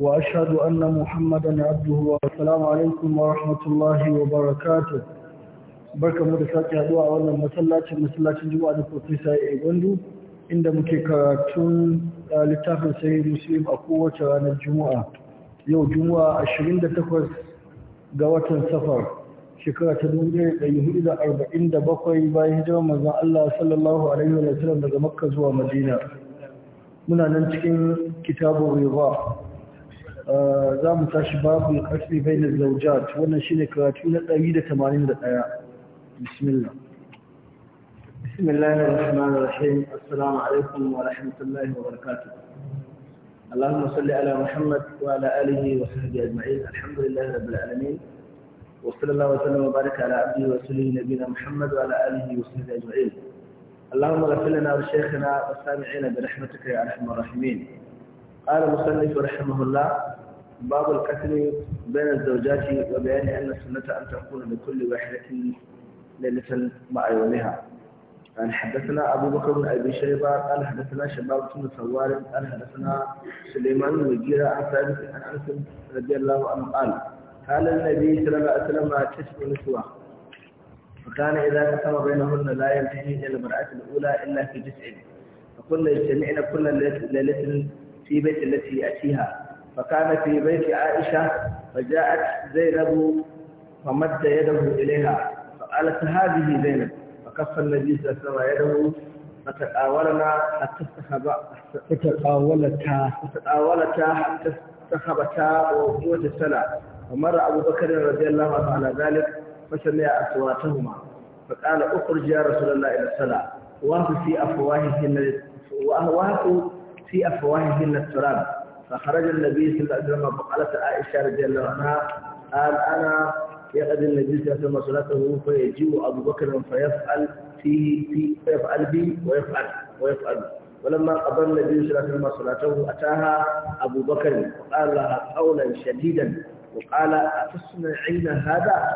وأشهد أن محمدا عبده والسلام عليكم ورحمة الله وبركاته barka mu da sake haduwa a wannan masallacin masallacin juma'a da profesa a gwandu inda muke karatun littafin sahih muslim a kowace ranar juma'a yau juma'a 28 ga watan safar shekara ta 1447 bayan hijirar manzon Allah sallallahu alaihi wa sallam daga makka zuwa madina muna nan cikin kitabun za mu tashi babu ƙarfi bai na zaujat wannan shi ne karatu na 181 bismillah بسم الله الرحمن الرحيم السلام عليكم ورحمة الله وبركاته اللهم صل على محمد وعلى آله وصحبه أجمعين الحمد لله رب العالمين وصلى الله وسلم وبارك على عبده ورسوله نبينا محمد وعلى آله وصحبه أجمعين اللهم اغفر لنا ولشيخنا وسامعينا برحمتك يا أرحم الراحمين قال المصنف رحمه الله باب القتل بين الزوجات وبيان أن السنة أن تكون لكل واحدة ليلة مع يومها قال حدثنا أبو بكر بن أبي شيبة قال حدثنا شباب بن سوار قال حدثنا سليمان بن مجيرة عن ثابت عن أنس رضي الله عنه قال قال النبي صلى الله عليه وسلم تسع نسوة وكان إذا قسم بينهن لا ينتهي إلى المرأة الأولى إلا في جزء فقلنا اجتمعنا كل ليلة في بيت التي أتيها فكان في بيت عائشة فجاءت زينب فمد يده إليها فقالت هذه زينب فكف النبي صلى الله عليه وسلم يده فتتآولنا حتى استخب فتتآولتا فتتآولتا حتى استخبتا وقوة السنة ومر أبو بكر رضي الله عنه على ذلك فسمع أصواتهما فقال أخرج يا رسول الله إلى الصلاة وافي في أفواههن وأهواكوا في أفواههن التراب فخرج النبي صلى الله عليه وسلم فقالت عائشة رضي الله عنها قال أنا يقضي النبي صلى الله عليه وسلم صلاته فيجيء أبو بكر فيفعل فيه في فيفعل بي ويفعل ويفعل ولما قضى النبي صلى الله عليه وسلم صلاته أتاها أبو بكر وقال لها قولا شديدا وقال أتصنعين هذا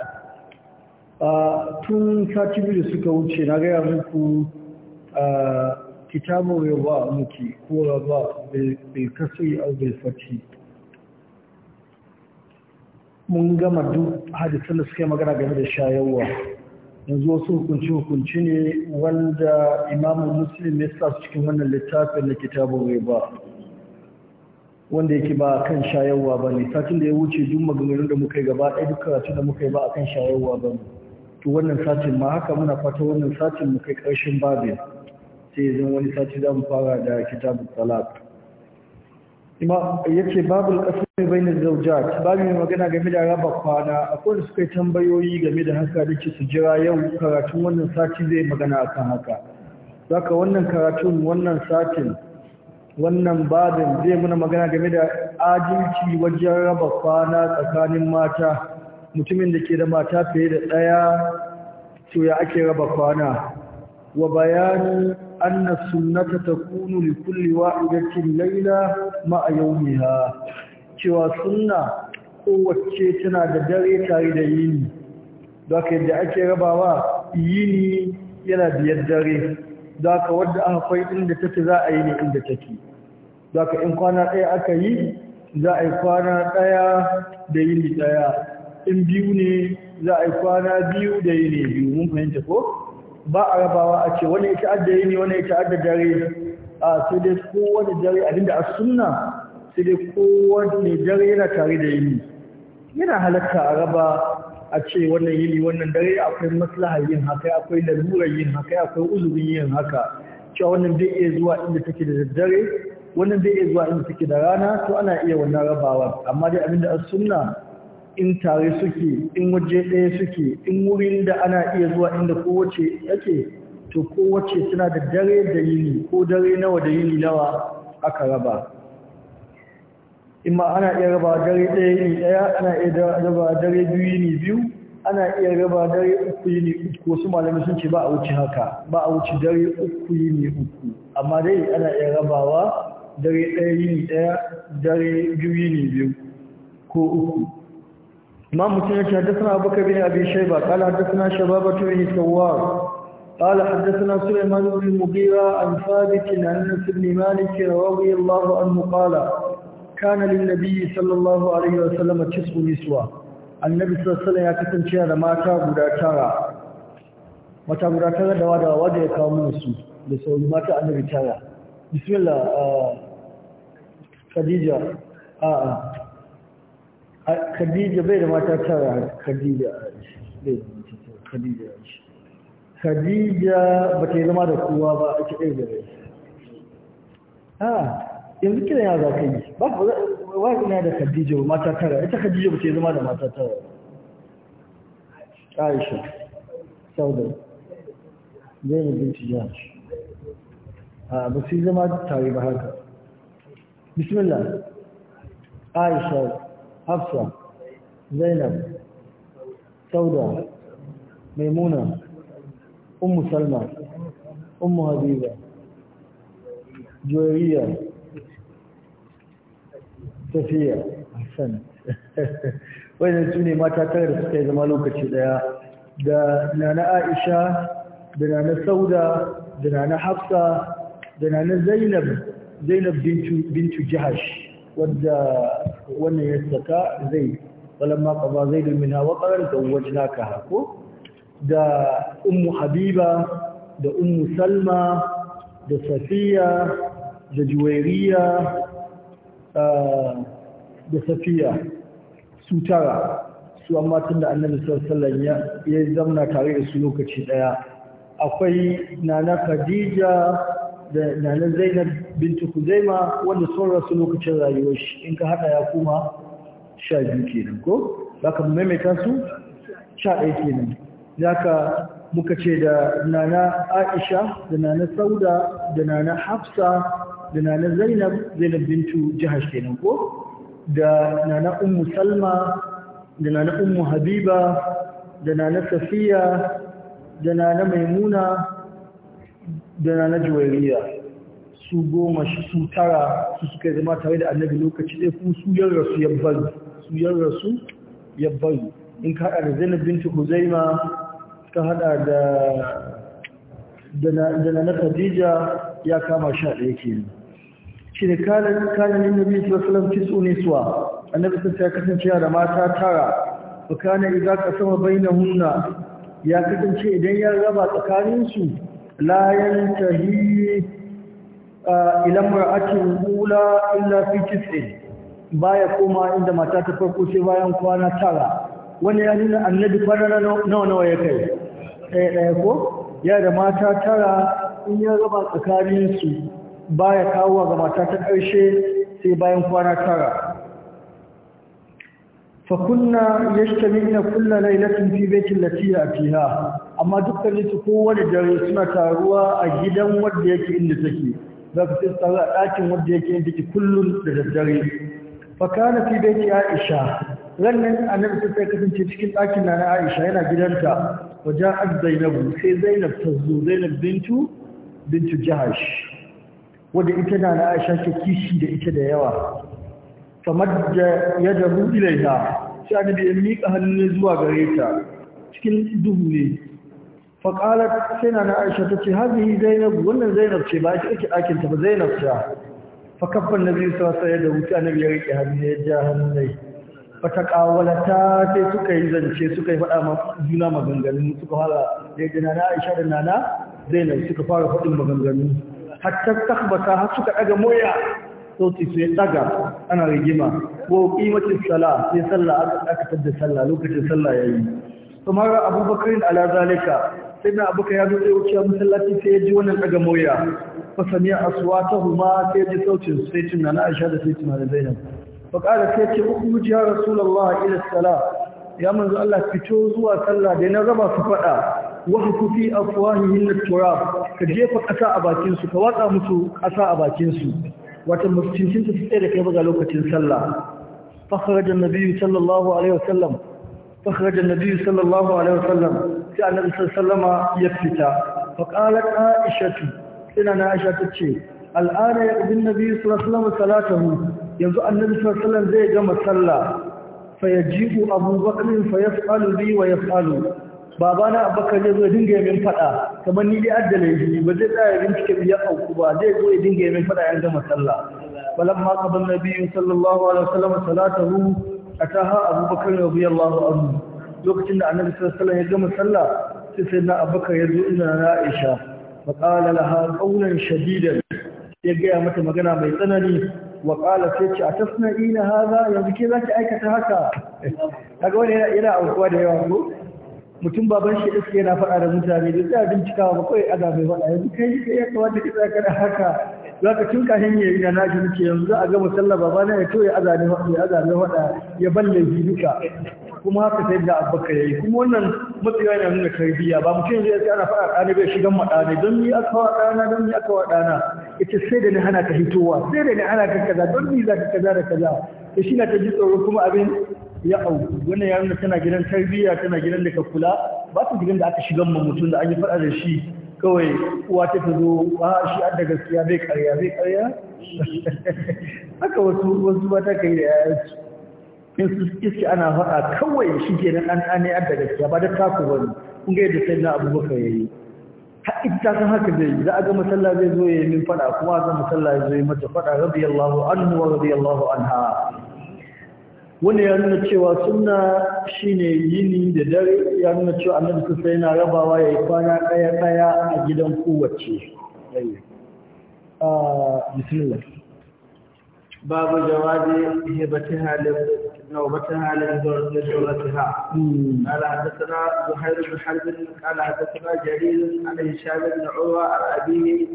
tun sati biyu da suka wuce na gaya muku كتاب رضاء مكي bai رضاء بالكسر أو بالفتح mun gama duk hadisun da suke magana game da shayarwa yanzu wasu hukunci-hukunci ne wanda imamun muslim ya sa su cikin wannan littafin na kitabun ba. wanda yake ba kan shayarwa ba ne satin da ya wuce duk maganganun da muka yi gaba ɗaya duk karatu da muka yi ba a kan shayarwa ba ne to wannan satin ma haka muna fata wannan satin mu kai ƙarshen babin sai zan wani sati za mu fara da kitabun talak yake babul kasar bai zawjat babu mai magana game da raba kwana akwai da suka tambayoyi game da haka da su jira yau karatun wannan sati zai magana akan haka zaka wannan karatun wannan satin wannan babin zai muna magana game da adalci wajen raba kwana tsakanin mata mutumin da ke da mata fiye da ɗaya to ya ake raba kwana wa bayani أن السنة تكون لكل واحدة ليلة مع يومها cewa sunna kowace tana da dare tare da yini da ka yadda ake rabawa yini yana biyar dare da ka wadda aka kwai inda take za a yi ne inda take da ka in kwana ɗaya aka yi za a yi kwana ɗaya da yini ɗaya in biyu ne za a yi kwana biyu da yini biyu fahimta ko ba a rabawa a ce wani ya addari yini wani ya addari dare a sai dai kowane dare abinda a suna sai dai kowane dare yana tare da yini yana halatta a raba a ce wannan yini wannan dare akwai maslaha yin haka akwai lalurar yin haka akwai uzurin yin haka cewa wannan zai iya zuwa inda take da daddare wannan zai iya zuwa inda take da rana to ana iya wannan rabawa amma dai abinda a sunna in tare suke in waje ɗaya suke in wurin da ana iya zuwa inda kowace yake to kowace suna da dare da yini ko dare nawa da yini nawa aka raba imma ana iya raba dare ɗaya yini ɗaya ana iya raba dare biyu yini biyu ana iya raba dare uku yini uku wasu malamai sun ce ba a wuce haka ba a wuce dare uku yini uku amma dai ana iya rabawa dare ɗaya yini ɗaya dare biyu yini biyu ko uku ma mutum ya ce haddasana abokan bin Shaiba. shai ba kala haddasana shabab a turin isawa kala haddasana suleiman bin mugira an sabiti na nan sulli maliki rawa wuyi allah an mukala kana lin sallallahu alaihi wasallam a cikin isuwa annabi sassalin ya kasance da mata guda da wada wada ya kawo mana da sauri mata annabi tara bismillah khadija bai da mata tara khadija bai da mata tara khadija khadija ba ta yi zama da kowa ba a cikin da rai ah yanzu kiran ya za ka yi ba ka wa ina da khadija ba mata tara ita khadija ba ta yi zama da mata tara aisha sauda zai binti jahsh a ba su yi zama tare ba haka bismillah aisha hafsa zainab sauda maimuna ummu salma ummu habiba joyariya tafiya hassan wannan su ne mata tare da suka yi zama lokaci daya da na aisha da na sauda da na hafsa da na zainab zainab bintu bintu jahash wadda wannan ya saka zai falamma zai da minha wa qaran zawwajnaka ko da ummu habiba da ummu salma da safiya da juwairiya ah, da safiya su tara su amma tunda annabi sallallahu ya zamna tare da su lokaci daya akwai nana khadija da nanan zainab bintu kuzaima wanda sun rasu lokacin rayuwar shi in ka hada ya kuma sha biyu kenan ko za maimaita su sha ɗaya kenan za ka muka ce da nana aisha da nana sauda da nana hafsa da nana zainab zainab bintu jihar kenan ko da nana ummu salma da nana ummu habiba da nana safiya da nana maimuna dana na juwairiya su goma su tara su suka zama tare da annabi lokaci ɗaya kuma su yan rasu yabbaru su in ka haɗa da zainab binti huzaima ka haɗa da dana na khadija ya kama sha ɗaya yi shi ne kanan nabi sallallahu alaihi wasallam ne suwa annabi sun ta kasance da mata tara fakana idza qasama bainahunna ya kasance idan ya raba tsakaninsu لا ينتهي إلى امرأة الأولى إلا في تسع baya koma inda mata ta farko sai bayan kwana tara wani ya nuna annabi kwana nawa nawa ya kai ɗaya ɗaya ko ya da mata tara in ya raba tsakaninsu baya kawo ga mata ta ƙarshe sai bayan kwana tara fa kunna na kullu lailatin fi baitin lati yatiha amma dukkanin su kowane dare suna taruwa a gidan wanda yake inda take za ka sai a ɗakin wanda yake inda take kullum da daddare fakana fi bai aisha rannan annabi sai sai kasance cikin ɗakin na aisha yana gidanta wajen az zainabu sai zainab ta zo zainab bintu bintu jahash wanda ita na aisha ke kishi da ita da yawa famadda yadahu ilaiha sai annabi ya mika hannu zuwa gare ta cikin duhu ne faƙalar sai na aisha ta ce hazihi zainab wannan zainab ce ba ake ake ɗakinta ba zainab ta fakabban na zai sa da wuce annabi ya riƙe hannu ya ja hannunai ƙawalata sai suka yi zance suka yi faɗa ma juna maganganu suka fara da ya na aisha da nana zainab suka fara faɗin maganganu hatta tabbata har suka ɗaga moya sauti sai ɗaga ana rigima ko ƙimacin sallah sai sallah aka tabbatar da sallah lokacin sallah yayi kamar abubakar alazalika sai na abuka ya zo zai masallaci sai ya ji wannan daga murya fa sami'a huma sai ya ji sautin sai tun na Aisha da sai tun na Zainab fa qala sai ce ukhruj ya rasulullah ila salat ya manzo Allah fito zuwa sallah da na raba su fada wa hukufi afwahihin turab ka jefa kasa a bakin su ka watsa musu kasa a bakin su wata mutuncin su tsaye da kai ba ga lokacin sallah fa kharaja an sallallahu alaihi wasallam فخرج النبي صلى الله عليه وسلم sai annabi sallallahu alaihi ya fita fa qalat aishatu ina na aisha tace al'ana ya ibn nabi sallallahu alaihi salatahu yanzu annabi sallallahu alaihi zai gama sallah fa yajibu abubakar fa yasalu bi wa yasalu babana abubakar zai dinga yamin fada kamar ni dai addale shi ba zai tsaya bincike biya auku ba zai zo ya dinga yamin fada yan gama sallah falamma qada an-nabi sallallahu alaihi wasallam salatahu ataha abubakar radiyallahu anhu lokacin da annabi sallallahu alaihi ya gama sallah sai sai na abubakar ya zo inda na aisha fa qala laha qawlan shadidan ya gaya mata magana mai tsanani wa qala sai ce atasna'ina hadha yanzu ke zaki aikata haka kaga wani yana aukuwa da yawa ko mutum baban shi iska yana faɗa da mutane da tsaya bincikawa ba kawai aga mai faɗa yanzu kai kai ya kamata ka tsaya haka za ka cin kahin ya yi na naji nake yanzu za a gama sallah babana ya to ya azami ya azami faɗa ya balle duka kuma haka sai da abubakar yayi kuma wannan matsayi ne nuna tarbiyya ba mutum zai ce ana fara ɗana bai shigan ma ɗana don ni aka wa ɗana don ni aka wa ɗana ita sai da ni hana ka hitowa sai da ni hana ka kaza don ni za ka kaza da kaza da shi na ta ji tsoro kuma abin ya au, wannan ya nuna tana gidan tarbiyya tana gidan da ka kula ba ta gidan da aka shigan ma mutum da an yi faɗa da shi kawai uwa ta ta zo ba shi an da gaskiya bai karya bai karya haka wasu wasu ba ta kai da yayansu in iske ana faɗa kawai shi ke nan an ne da gaskiya ba da taku wani kun ga yadda sai na abubakar ya yi ita kan haka zai yi za a ga masalla zai zo ya yi min faɗa kuma ga masalla ya zo ya mata faɗa radiyallahu anhu wa radiyallahu anha wani ya nuna cewa sunna shine yini da dare ya nuna cewa annabi su sai na rabawa ya yi kwana ɗaya ɗaya a gidan kowace ah, bismillah باب جواز هبتها نوبتها لزوجتها قال حدثنا زهير بن حرب قال حدثنا جرير عن هشام بن عروه عن ابيه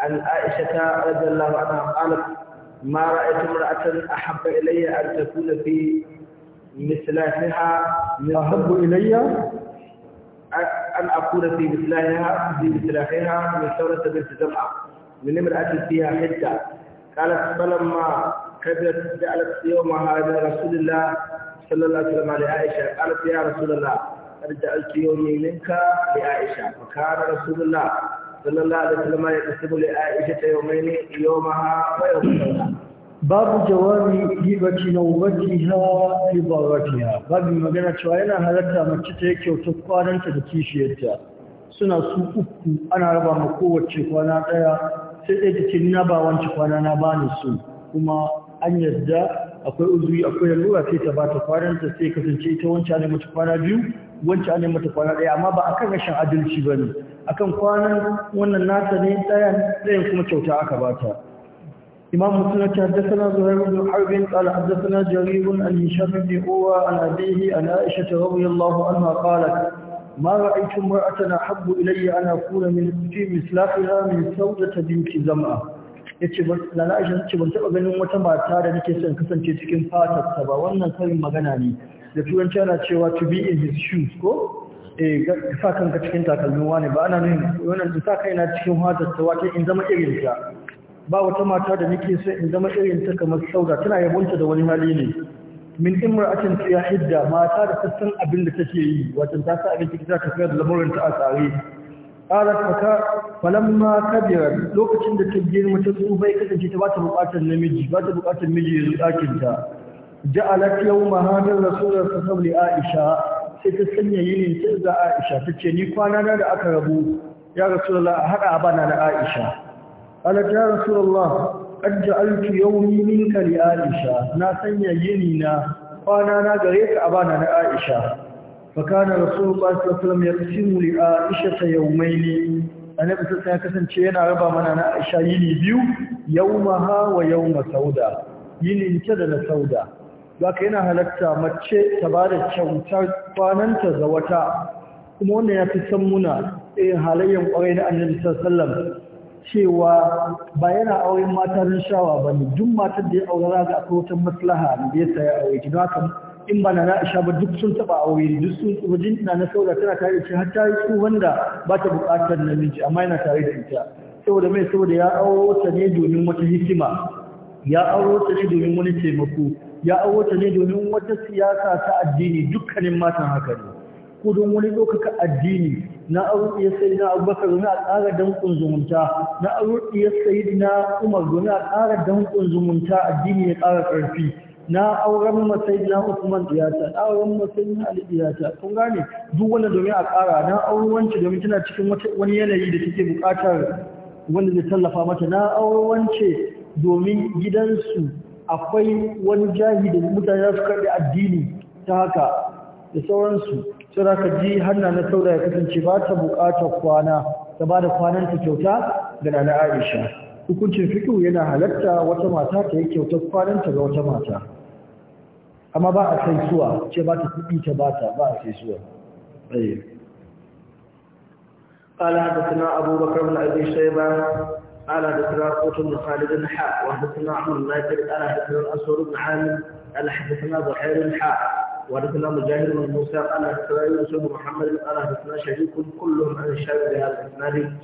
عن عائشه رضي الله عنها قالت ما رايت امراه احب الي ان تكون في مثلها احب الي ان اكون في مثلها في مثلها من ثوره بنت زمعه من امراه فيها حده قالت فلما كذبت جعلت يومها إلى رسول الله صلى الله عليه وسلم لعائشة قالت يا رسول الله قد جعلت يومي منك لعائشة فكان رسول الله صلى الله عليه وسلم يقسم لعائشة يومين يومها ويوم لها باب جواب هبة نوبتها في ضرتها باب مغنى شوائنا هلتا مكتتك وتقوانا تدكيشيتها suna su uku ana raba ma kowace kwana ɗaya sai ɗaya ta ce na ba wancan kwana na ba ni su kuma an yarda akwai uzuri akwai lalura sai ta ba ta kwanan ta sai kasance ita wancan ne mata kwana biyu wancan ne mata kwana ɗaya amma ba akan rashin adalci ba ne akan kwanan wannan nata ne ɗayan ɗayan kuma kyauta aka ba ta إمام مسلم حدثنا زهير بن حرب قال حدثنا جرير عن هشام بن قوة عن أبيه عن عائشة رضي الله عنها قالت ما رأيت امرأة أحب إلي أن أكون من في مثلها من سودة بنت زمعة yace na Aisha ce ban taba ganin wata mata da nake son kasance cikin fatar wannan karin magana ne da turanci ana cewa to be in his shoes ko eh sa kanka cikin takalmin wani ba ana nuna wannan sa kaina cikin fatar in zama irin ta ba wata mata da nake son in zama irin ta kamar sauda tana yabonta da wani hali ne min imra'atin fi hidda mata da sassan abin da take yi wato ta sa abin da ta fara da ta a tsare qalat faka falamma kabira lokacin da ta girma ta tsufa ya kasance ta bata bukatar namiji bata bukatar miji ya zo dakin ta ja'alat yawma hadar rasulullah sallallahu alaihi aisha sai ta sanya yinin ta ga aisha tace ni kwana na da aka rabu ya rasulullah a hada abana na aisha qalat ya rasulullah ajjaltu yawmi minka li Aisha na sanya yini na kwana na gare ka abana na Aisha fa kana rasulullahi sallallahu alaihi wasallam yaqsimu li Aisha yawmayn annabi sai ya kasance yana raba mana na Aisha yini biyu yawmaha wa yawma sauda yini ta da sauda zaka yana halatta mace ta bada kyautar kwananta ga wata kuma wannan ya fi san muna eh halayen kwarai na annabi sallallahu alaihi wasallam cewa ba yana auren mata don shawa ba ne duk matar da ya aure za ga wata maslaha da ya saya aure ki haka in ba na na'isha ba duk sun taba aure duk sun tsibirin jinna na saura tana tare da shi har ta yi tsuban da ba ta buƙatar namiji amma yana tare da ita saboda mai saboda ya auro ta ne domin wata hikima ya auro ta ne domin wani taimako ya auro ta ne domin wata siyasa ta addini dukkanin matan haka ne Kudin wani lokaka addini na arurɗiyar sai na abubakar domin a ƙara danƙon zumunta na arurɗiyar sai na umar zuwa a ƙara danƙon zumunta addini ya ƙara ƙarfi na auren Masai na Usman diyata na auren Masai na Ali kun gane duk wanda domin a ƙara na auren wance domin tana cikin wani yanayi da take buƙatar wanda zai tallafa mata na auren wance domin gidansu akwai wani jahi da mutane za su karɓi addini ta haka da sauransu sai za ka ji hanna na saura ya kasance ba ta buƙatar kwana ta ba da ta kyauta ga nana aisha hukuncin fikihu yana halatta wata mata ta yi kyautar ta ga wata mata amma ba a kai suwa ce ba ta kudi ta ba ta ba a sai suwa قال حدثنا أبو بكر بن أبي شيبة قال حدثنا قوت بن خالد حاء وحدثنا عمرو بن ناجر قال حدثنا الأسود بن عامر قال حدثنا بحير حاء وحدثنا مجاهد بن موسى قال حدثنا يونس بن محمد قال حدثنا شريك كلهم عن الشافعي بهذا الاسناد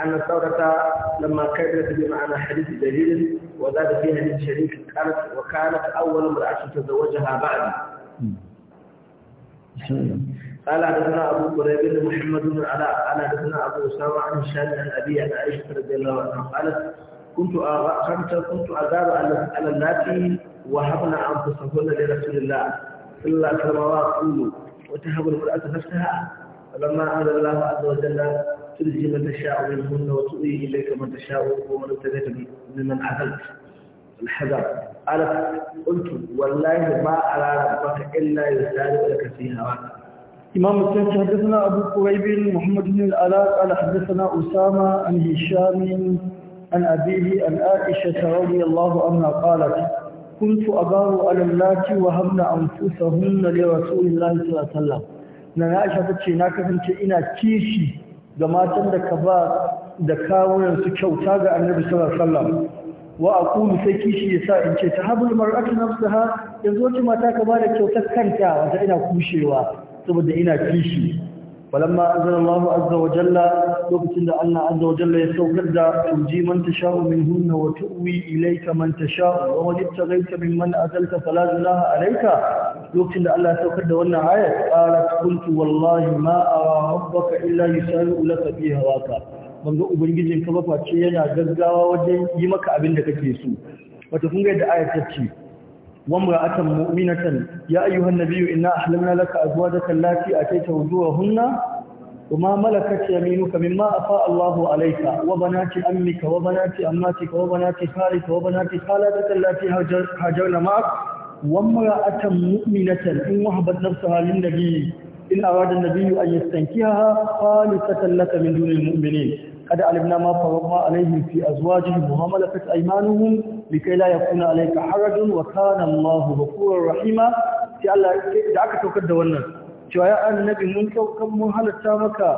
أن الثورة لما كانت بمعنى حديث دليل وزاد في حديث شريك قالت وكانت أول امرأة تزوجها بعد قال حدثنا أبو قريب بن محمد بن علاء قال حدثنا أبو أسامة عن الشافعي عن أبي عن عائشة رضي الله عنها قالت كنت أغ... كنت اذاب على اللاتي وهبنا أنفسهن لرسول الله إلا كالمرار كله وتهب المرأة نفسها فلما أنزل الله عز وجل تلزم من تشاء منهن وتؤوي إليك من تشاء ومن ابتديت ممن عزلت الحذر قالت قلت والله ما على ربك إلا يسال لك فيها رأسك إمام الثاني حدثنا أبو قريب محمد بن الألاء قال حدثنا أسامة عن هشام عن أبيه عن عائشة رضي الله عنها قالت قلت أباه على اللاتي hamna أنفسهن لرسول الله صلى الله عليه وسلم na Aisha ta ce na kasance ina kishi ga matan da ka ba da kawunan su kyauta ga Annabi sallallahu alaihi wasallam wa aqulu sai kishi yasa in ce tahabul mar'atu nafsaha yanzu ce mata ka ba da kyautar kanta wata ina kushewa saboda ina kishi falamma anzalallahu azza wa jalla lokacin da Allah azza wa jalla ya saukar da tuji man tasha'u minhunna wa tu'wi ilayka man tasha'u wa wajib tagayta mimman azalta fala zalaha alayka lokacin da Allah ya saukar da wannan ayat qala kuntu wallahi ma ara rabbaka illa yusawi'u laka bi hawaka banga ubangijin ka ba ce yana gaggawa wajen yi maka abin da kake so wato kun ga yadda ayat ta ce wa mu'minatan ya ayyuhan nabiyyu inna أحلمنا laka azwajaka allati ataita وجوههن kuma malakat yaminuka mimma afa Allahu alayka wa banati ammika wa banati ammatika wa banati khalika wa banati khalatika allati hajarna ma'ak wa imra'atan mu'minatan in wahabat nafsaha lin nabiyyi in arada an yastankiha khalisatan laka min dunil mu'minin kada alimna ma farama alayhim fi azwajihim muhamalat aymanuhum likay la yakuna alayka harajun wa kana Allahu ghafurur rahima sai da aka saukar da wannan cewa ya annabi mun saukan mun halatta maka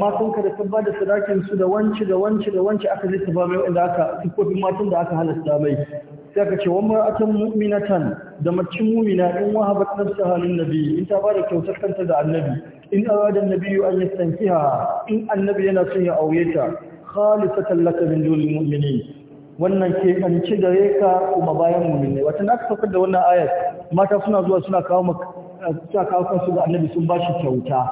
matanka da tabba da sadakin su da wanci da wanci da wanci aka zai taba mai wanda aka tukofin matan da aka halatta mai sai aka ce wani mar'atan mu'minatan da macin mu'mina in wahabat nafsaha lin nabi in ta bada kyautar kanta ga annabi in arada annabi an yi yastankiha in annabi yana son ya aure ta khalisatan laka min dunil mu'minin wannan ke ci gare ka kuma bayan mu'minai wata na aka saukar da wannan ayat mata suna zuwa suna kawo suka kawo kansu ga annabi sun ba shi kyauta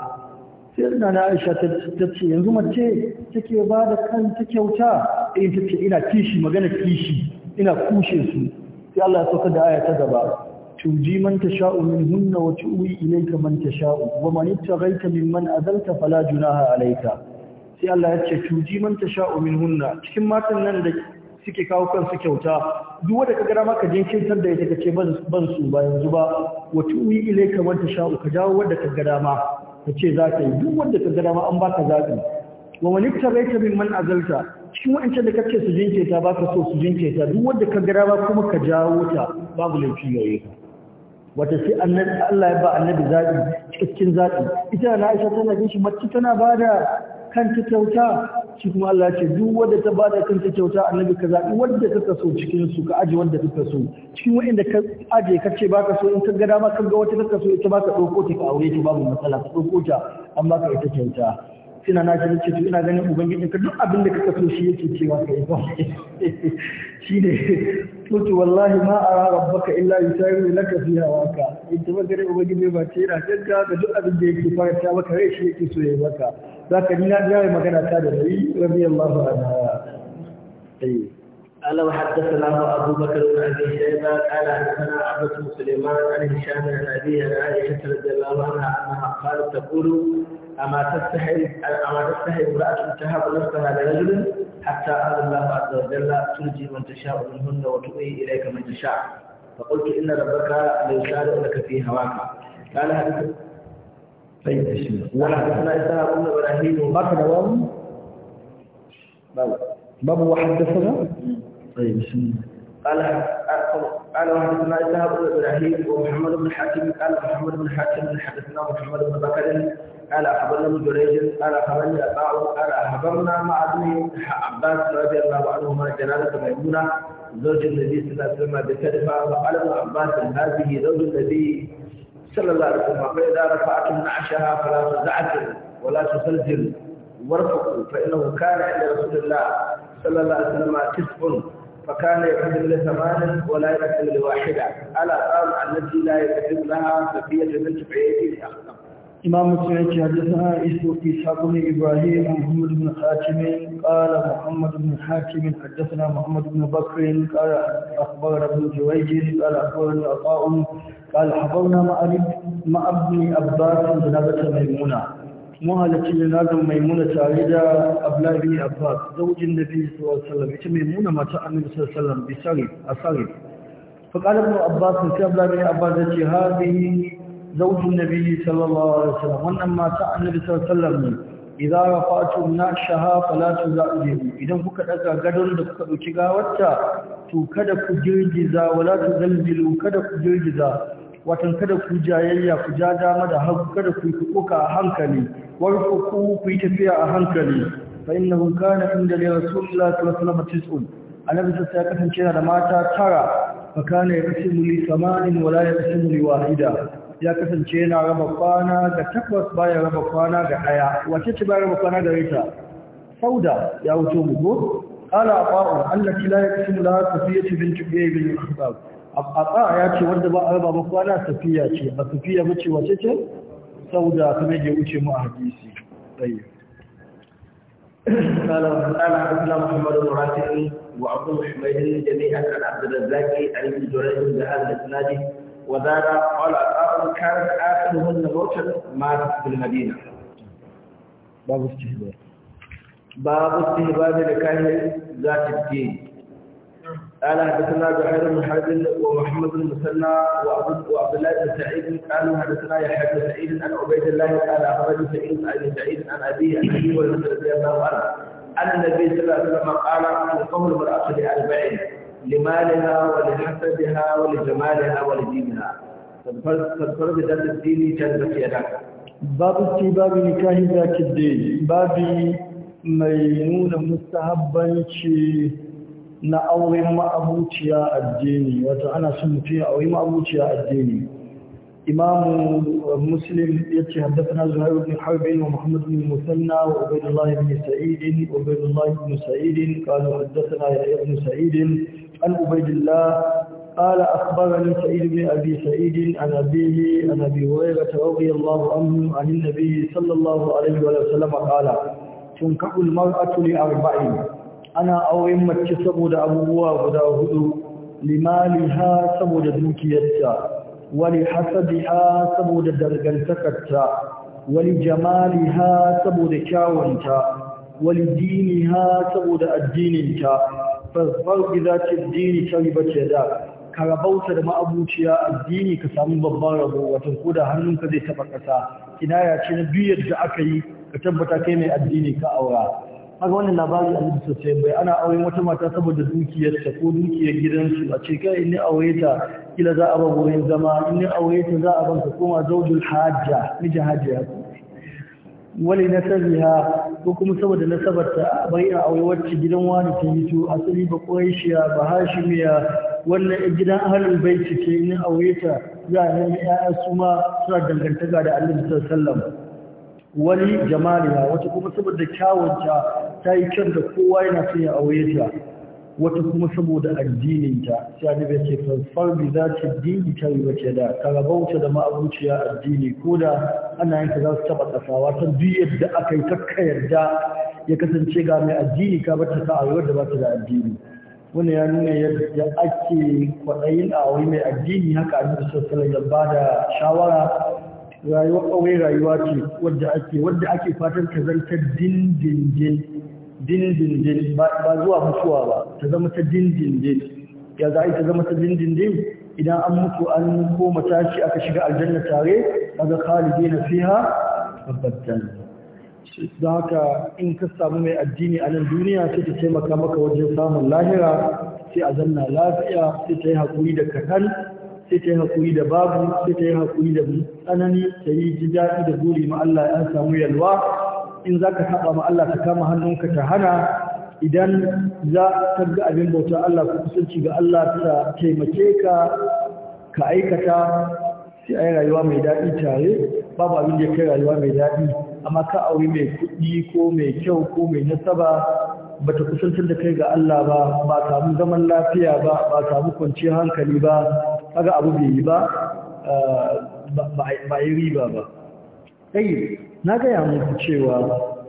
sai na Aisha ta ce yanzu mace take ba da kanta kyauta in eh, ta ce ina kishi magana kishi ina kushe su sai Allah ya saukar da aya ta gaba tuji man tasha'u minhunna wa tu'i ilayka man tasha'u wa man ittaghayta mimman azalta fala junaha alayka sai Allah ya ce tuji man min minhunna cikin matan nan da suke kawo kansu kyauta duk wanda gara maka jinkin tar da ita kace ban ban su ba yanzu ba ni ile ka wa sha ka jawo wanda ma ka ce za ka yi duk wanda gara ma an baka zabi wa man ta min man azalta shi wancan da kace su ba baka so su ta duk wanda gara ma kuma ka jawo ta babu laifi gare ka wata sai annabi Allah ya ba annabi zaɓi? cikakken zaɓi? ita na Aisha tana jin shi mace tana bada kanta kyauta shi kuma Allah ce duk wanda ta bada kanta kyauta annabi ka zabi wanda kaka so cikin su ka aje wanda kaka so cikin wanda ka aje ka ce baka so in ka ga dama ka ga wata kaka so ita baka ɗauko ta ka aure ta babu matsala ka dauko ta amma ka ita kyauta ina na ji ce to ina ganin ubangijin ka duk abin da kaka so shi yake cewa kai ba shi ne to wallahi ma ara rabbaka illa yusayiru laka fi hawaka in ta magana ubangijin ba ce ina kanka ga duk abin da yake fara ta maka rai shi yake so ya maka zaka ni na dawo magana ta da nabi radiyallahu anhu ayi eh. ala wa hadathana abu bakr ibn abi shayba ala hadathana abu sulaiman an hisham an nabiyya aisha radiyallahu anha annaha qalat taqulu ama tastahi ama tastahi ra'at intaha qulta la rajul hatta allahu azza wa jalla turji man tasha'u minhum wa tu'i ilayka man tasha' فقلت ان ربك لا يسارع لك في هواك قال هذا sai da shi wala sana isa ibn ibrahim baka da babu babu قال قال وحدثنا إسحاق بن إبراهيم ومحمد بن حاتم قال محمد بن حاتم حدثنا محمد بن بكر قال أخبرنا ابن جريج قال أخبرني أباع قال أخبرنا مع ابن عباس رضي الله عنهما جلالة ميمونة زوج النبي صلى الله عليه وسلم بكلمة وقال ابن عباس هذه زوج النبي صلى الله عليه وسلم فإذا رفعتم نعشها فلا تزعتم ولا تزلزل وارفقوا فإنه كان عند رسول الله صلى الله عليه وسلم تسع فكان يقدم لثمان ولا يقدم لواحدة على قام التي لا يقدم لها ففية من تبعيته أخطأ إمام مسلم حدثنا إسحاق بن إبراهيم محمد بن حاتم قال محمد بن حاتم حدثنا محمد بن بكر قال أخبرنا ابن جويج قال أخبرني عطاء قال حضرنا مع مع ابن عباس جنازة ميمونة مهلة جنازة ميمونة عيدة أبلا بن عباس زوج النبي صلى الله عليه وسلم ميمونة ما تأمن صلى الله عليه وسلم بسرب أسرب فقال ابن عباس سيبلا بن عباس هذه zaujin nabi sallallahu alaihi wasallam wannan mata annabi sallallahu alaihi wasallam ne idza rafa'tu shaha? fala tuzabihu idan kuka daga gadon da kuka dauki gawarta to kada ku girgiza wala tuzalzilu kada ku girgiza watan kada ku jayayya ku ja dama da hagu kada ku kuka a hankali warku ku ku yi tafiya a hankali fa innahu kana inda rasulullahi sallallahu alaihi wasallam tis'un annabi sai ya kasance da mata tara fa kana yakasimu li samanin wala yakasimu li wahida ya kasance yana raba kwana da takwas baya raba kwana da haya wace ce baya raba kwana da rita sauda ya wuce mu ko ala aqa'u allati la yakun la safiyatu bin ubay bin khattab aqa ya ce wanda ba raba ba kwana safiya ce ba safiya ba ce wace ce sauda kuma je wuce mu a hadisi tayyib قال وقال حدثنا محمد بن وعبد حميد جميعا عن عبد الرزاق عن ابن جريج بهذا الاسناد وزاد قال كانت آخرهن موتا ماتت في المدينة باب استهباب باب استهباب لكاهل ذات الدين قال حدثنا زهير بن حرب ومحمد بن مثنى وعبد الله بن سعيد قالوا حدثنا يحيى بن سعيد عن عبيد الله قال اخرج سعيد بن ابي سعيد عن ابيه عن ابي هريره رضي الله عنه ان النبي صلى الله عليه وسلم قال القول بالعقل اربعين لمالها ولحسبها ولجمالها ولدينها تنفرد ذات Babu جنبك يداك باب استباب نكاح ذات mai nuna mustahabbanci na auren ma'abuciya addini wato ana son mutum ya auri ma'abuciya addini imamu muslim ya ce haddasa zuhairu bin harbin wa muhammad bin musanna wa ubaidullah bin sa'idin wa ubaidullah bin sa'idin kanu haddasa na ya ibn sa'idin ubaidullah قال أخبرني سعيد بن أبي سعيد عن أبيه عن أبي هريرة رضي الله عنه عن النبي صلى الله عليه وسلم قال تنكح المرأة لأربع أنا أوين مكة سبود أبوها غدا هدو لمالها سبود دوكيتها ولحسدها سبود درجنتكتها ولجمالها سبود كاونتها ولدينها سبود الدينتها فاظفر بذات الدين كلبة يداك karabauta da ma'abuciya addini ka samu babban rabo wato ko da ka zai taba kasa ya ce na duk da aka yi ka tabbata kai mai addini ka aura haka wannan labari a yi sosai bai ana auren wata mata saboda dukiyarta ko dukiyar gidansu a ce kai in ni aure ta kila za a ba wurin zama in ni aure ta za a ban ka koma zaujul hajja miji hajja wali ha ko kuma saboda nasabar ta bai a wacce gidan wani ta yi to asali ba ya ba hashimiya wannan gidan bai bait ce in aure ta za a yi ya'ya su ma suna dangantaka da Annabi sallallahu sallam wani jamaliya wata kuma saboda kyawunta ta yi kyan da kowa yana son ya aure ta wata kuma saboda addininta Sani annabi ya ce farfar bi za ta dini ta yi wace da karabauta da ma'abuciya addini ko da ana yanka za su taɓa ƙasawa ta duk yadda aka yi takka yarda ya kasance ga mai addini ka bata ta aure da ba ta da addini wani ya nuna yadda ake kwaɗayin a wani mai addini haka a annabi sallallahu da ba da shawara rayuwar ƙauye rayuwa ce wadda ake fatan ta zantar dindindin dindindin ba zuwa mutuwa ba ta zama ta dindindin ya za a yi ta zama ta dindindin idan an mutu an koma tashi aka shiga aljanna tare kaga khalidi na fiha babban don haka in ka samu mai addini a nan duniya sai ta taimaka maka wajen samun lahira sai a zanna lafiya sai ta yi haƙuri da kakan sai ta yi haƙuri da babu sai ta yi haƙuri da tsanani ta yi ji daɗi da guri ma Allah ya samu yalwa in za ka saba ma Allah ka kama hannunka ta hana idan za ka ga abin bauta Allah ku kusanci ga Allah ta taimake ka ka aikata sai yi rayuwa mai daɗi tare babu abin da ya kai rayuwa mai daɗi amma ka aure mai kuɗi ko mai kyau ko mai nasaba bata kusantar da kai ga Allah ba ba samu zaman lafiya ba ba samu kwanciyar hankali ba kaga abu bai yi ba eh, ba yi riba ba. na gaya muku cewa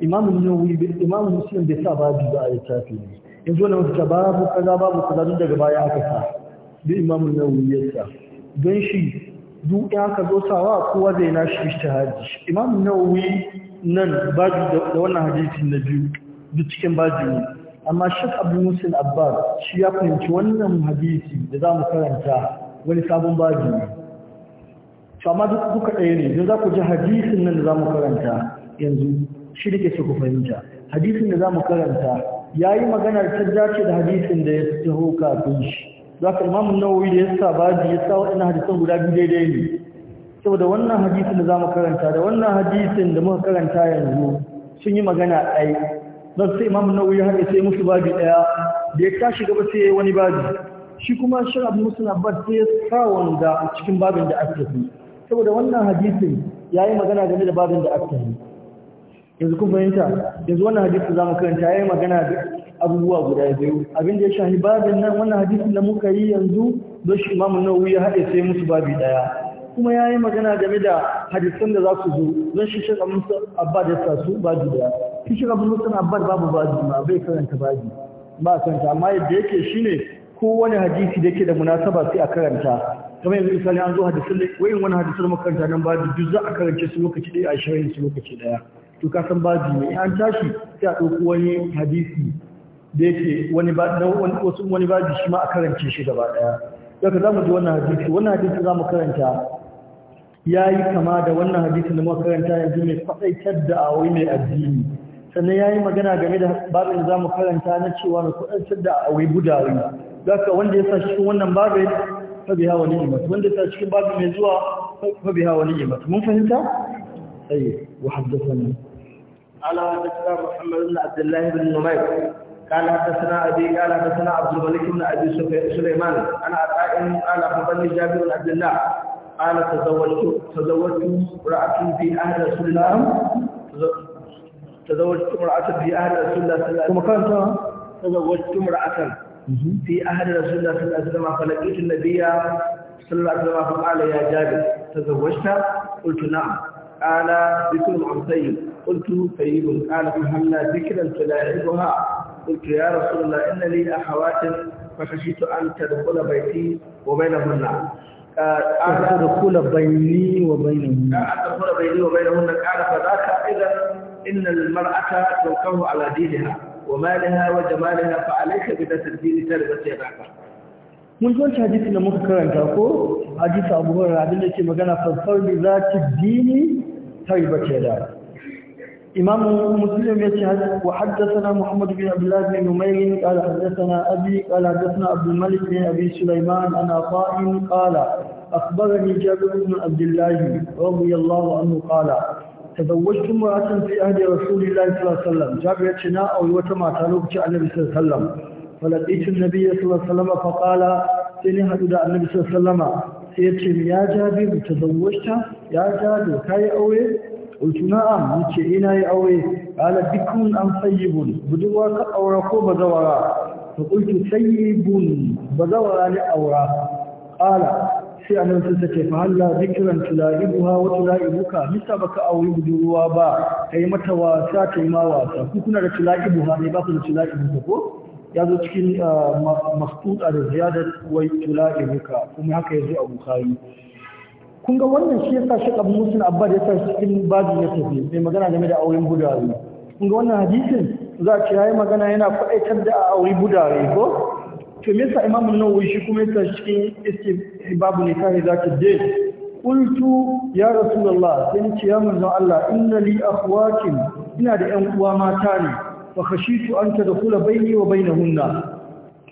imamun nawawi imamun musulun bai sa babu ba a littafi ne yanzu wannan wata babu kaza babu kaza duk daga baya aka sa duk imamun yawon ya sa don shi duk ya ka zo sawa kowa zai na shi haji imamun nawawi nan babu da wannan hadisi na biyu duk cikin babu ne amma shek abu musulun abbas shi ya fahimci wannan hadisi da za mu karanta wani sabon babu ne to amma duk duka ɗaya ne don za ku ji hadisin nan da za mu karanta yanzu shi da ke su fahimta hadisin da za mu karanta ya yi da ta dace da hadisin da ya taho kafin shi za ka imamu nawawi da ya sa baji ya sa waɗannan hadisan guda biyu daidai ne saboda wannan hadisin da za mu karanta da wannan hadisin da muka karanta yanzu sun yi magana ɗaya don sai imamu nawawi ya haɗe sai musu babi ɗaya da ya tashi gaba sai ya wani babi shi kuma shirin abu na ba sai ya sa wanda cikin babin da ake fi saboda wannan hadisin yayi magana game da babin da aka yi yanzu kun fahimta yanzu wannan hadisin zamu karanta yayi magana da abubuwa guda biyu abin da ya shahi babin nan wannan hadisin da muka yi yanzu don shi imamu nawawi ya haɗe sai musu babi daya kuma yayi magana game da hadisan da za su zo don shi shekaru musu abba da sa su babi daya shi shekaru musu musan abba babu babi ma bai karanta babi ba karanta amma yadda yake shine kowane hadisi da yake da munasaba sai a karanta kamar yanzu misali an zo hadisun wayin wani hadisun makaranta nan ba da duk za a karance su lokaci ɗaya a shirin su lokaci ɗaya to ka san babu ne an tashi sai a ɗauko wani hadisi da yake wani ba wasu wani babu shi ma a karance shi gaba ɗaya don za mu ji wannan hadisi wannan hadisi za mu karanta ya yi kama da wannan hadisi da muka karanta yanzu mai fasaitar da awai mai addini sannan ya yi magana game da babin za mu karanta na cewa mai kwaɗaitar da awai budawi zaka wanda ya sa shi wannan babin فبها ونعمت وانت تشكين باب المزوى فبها ونعمت مو فهمت؟ اي وحدثنا على حدثنا محمد بن عبد الله بن نمير قال حدثنا ابي قال حدثنا عبد الملك بن ابي سليمان انا ارائي قال بن جابر بن عبد الله قال تزوجت تزوجت امراه في اهل رسول الله تزوجت امراه في اهل رسول الله صلى الله عليه وسلم تزوجت امراه في أهل رسول الله صلى الله عليه وسلم فلقيت النبي صلى الله عليه وسلم فقال يا جابر تزوجت قلت نعم قال ذكر عن قلت طيب قال فهمنا ذكرا تلاعبها قلت يا رسول الله إن لي أخوات فخشيت أن تدخل بيتي وبينهن أن تدخل بيني وبينهن أن تدخل بيني وبينهن قال فذاك إذا إن المرأة تلقاه على دينها ومالها وجمالها فعليك بتسجيل تربة يداك mun zo hadisi da muka karanta ko hadisi Abu Hurairah abin da yake magana fasfar bi zati dini tarbata da Imam Muslim yace wa haddathana Muhammad bin Abdullah bin Umayr qala haddathana Abi qala haddathana Abdul Malik bin Abi Sulaiman ana qa'im qala أخبرني جابر بن عبد الله رضي الله عنه tazawwajtu maratan fi ahdi rasulillahi sallallahu alaihi jabir ce na auri wata mata lokacin annabi sallallahu alaihi wasallam falaqitu an-nabiy sallallahu alaihi fa qala sai hadu da annabi sallallahu alaihi sai yace ya jabir tazawwajta ya jabir kai aure قلت نعم يتي إنا يأوي قال بكم أم طيب بدوا أوراكو بزورا فقلت طيب ni aura قال sai nan sun ce fahalla zikiran zikran tulaibuha wa tulaibuka ba ka auri budurwa ba yi mata wasa ta yi ma wasa ku kuna da tulaibuha ne ba ku da tulaibuka ko ya zo cikin ah, a da ziyadar wai tulaibuka kuma haka ya zo a bukari kun ga wannan shi yasa shi a musulun abba da yasa cikin baji ya tafi mai magana game da auren budare kun ga wannan hadisin za a ce yayi magana yana faɗaitar da a auri budare ko to me yasa imamu nawawi shi kuma yasa cikin istihbabu ne za zaka je Kultu ya Allah, sai ni ce ya manzon Allah inna li akhwatin ina da ƴan uwa mata ne fa khashitu an tadkhula bayni wa bainahunna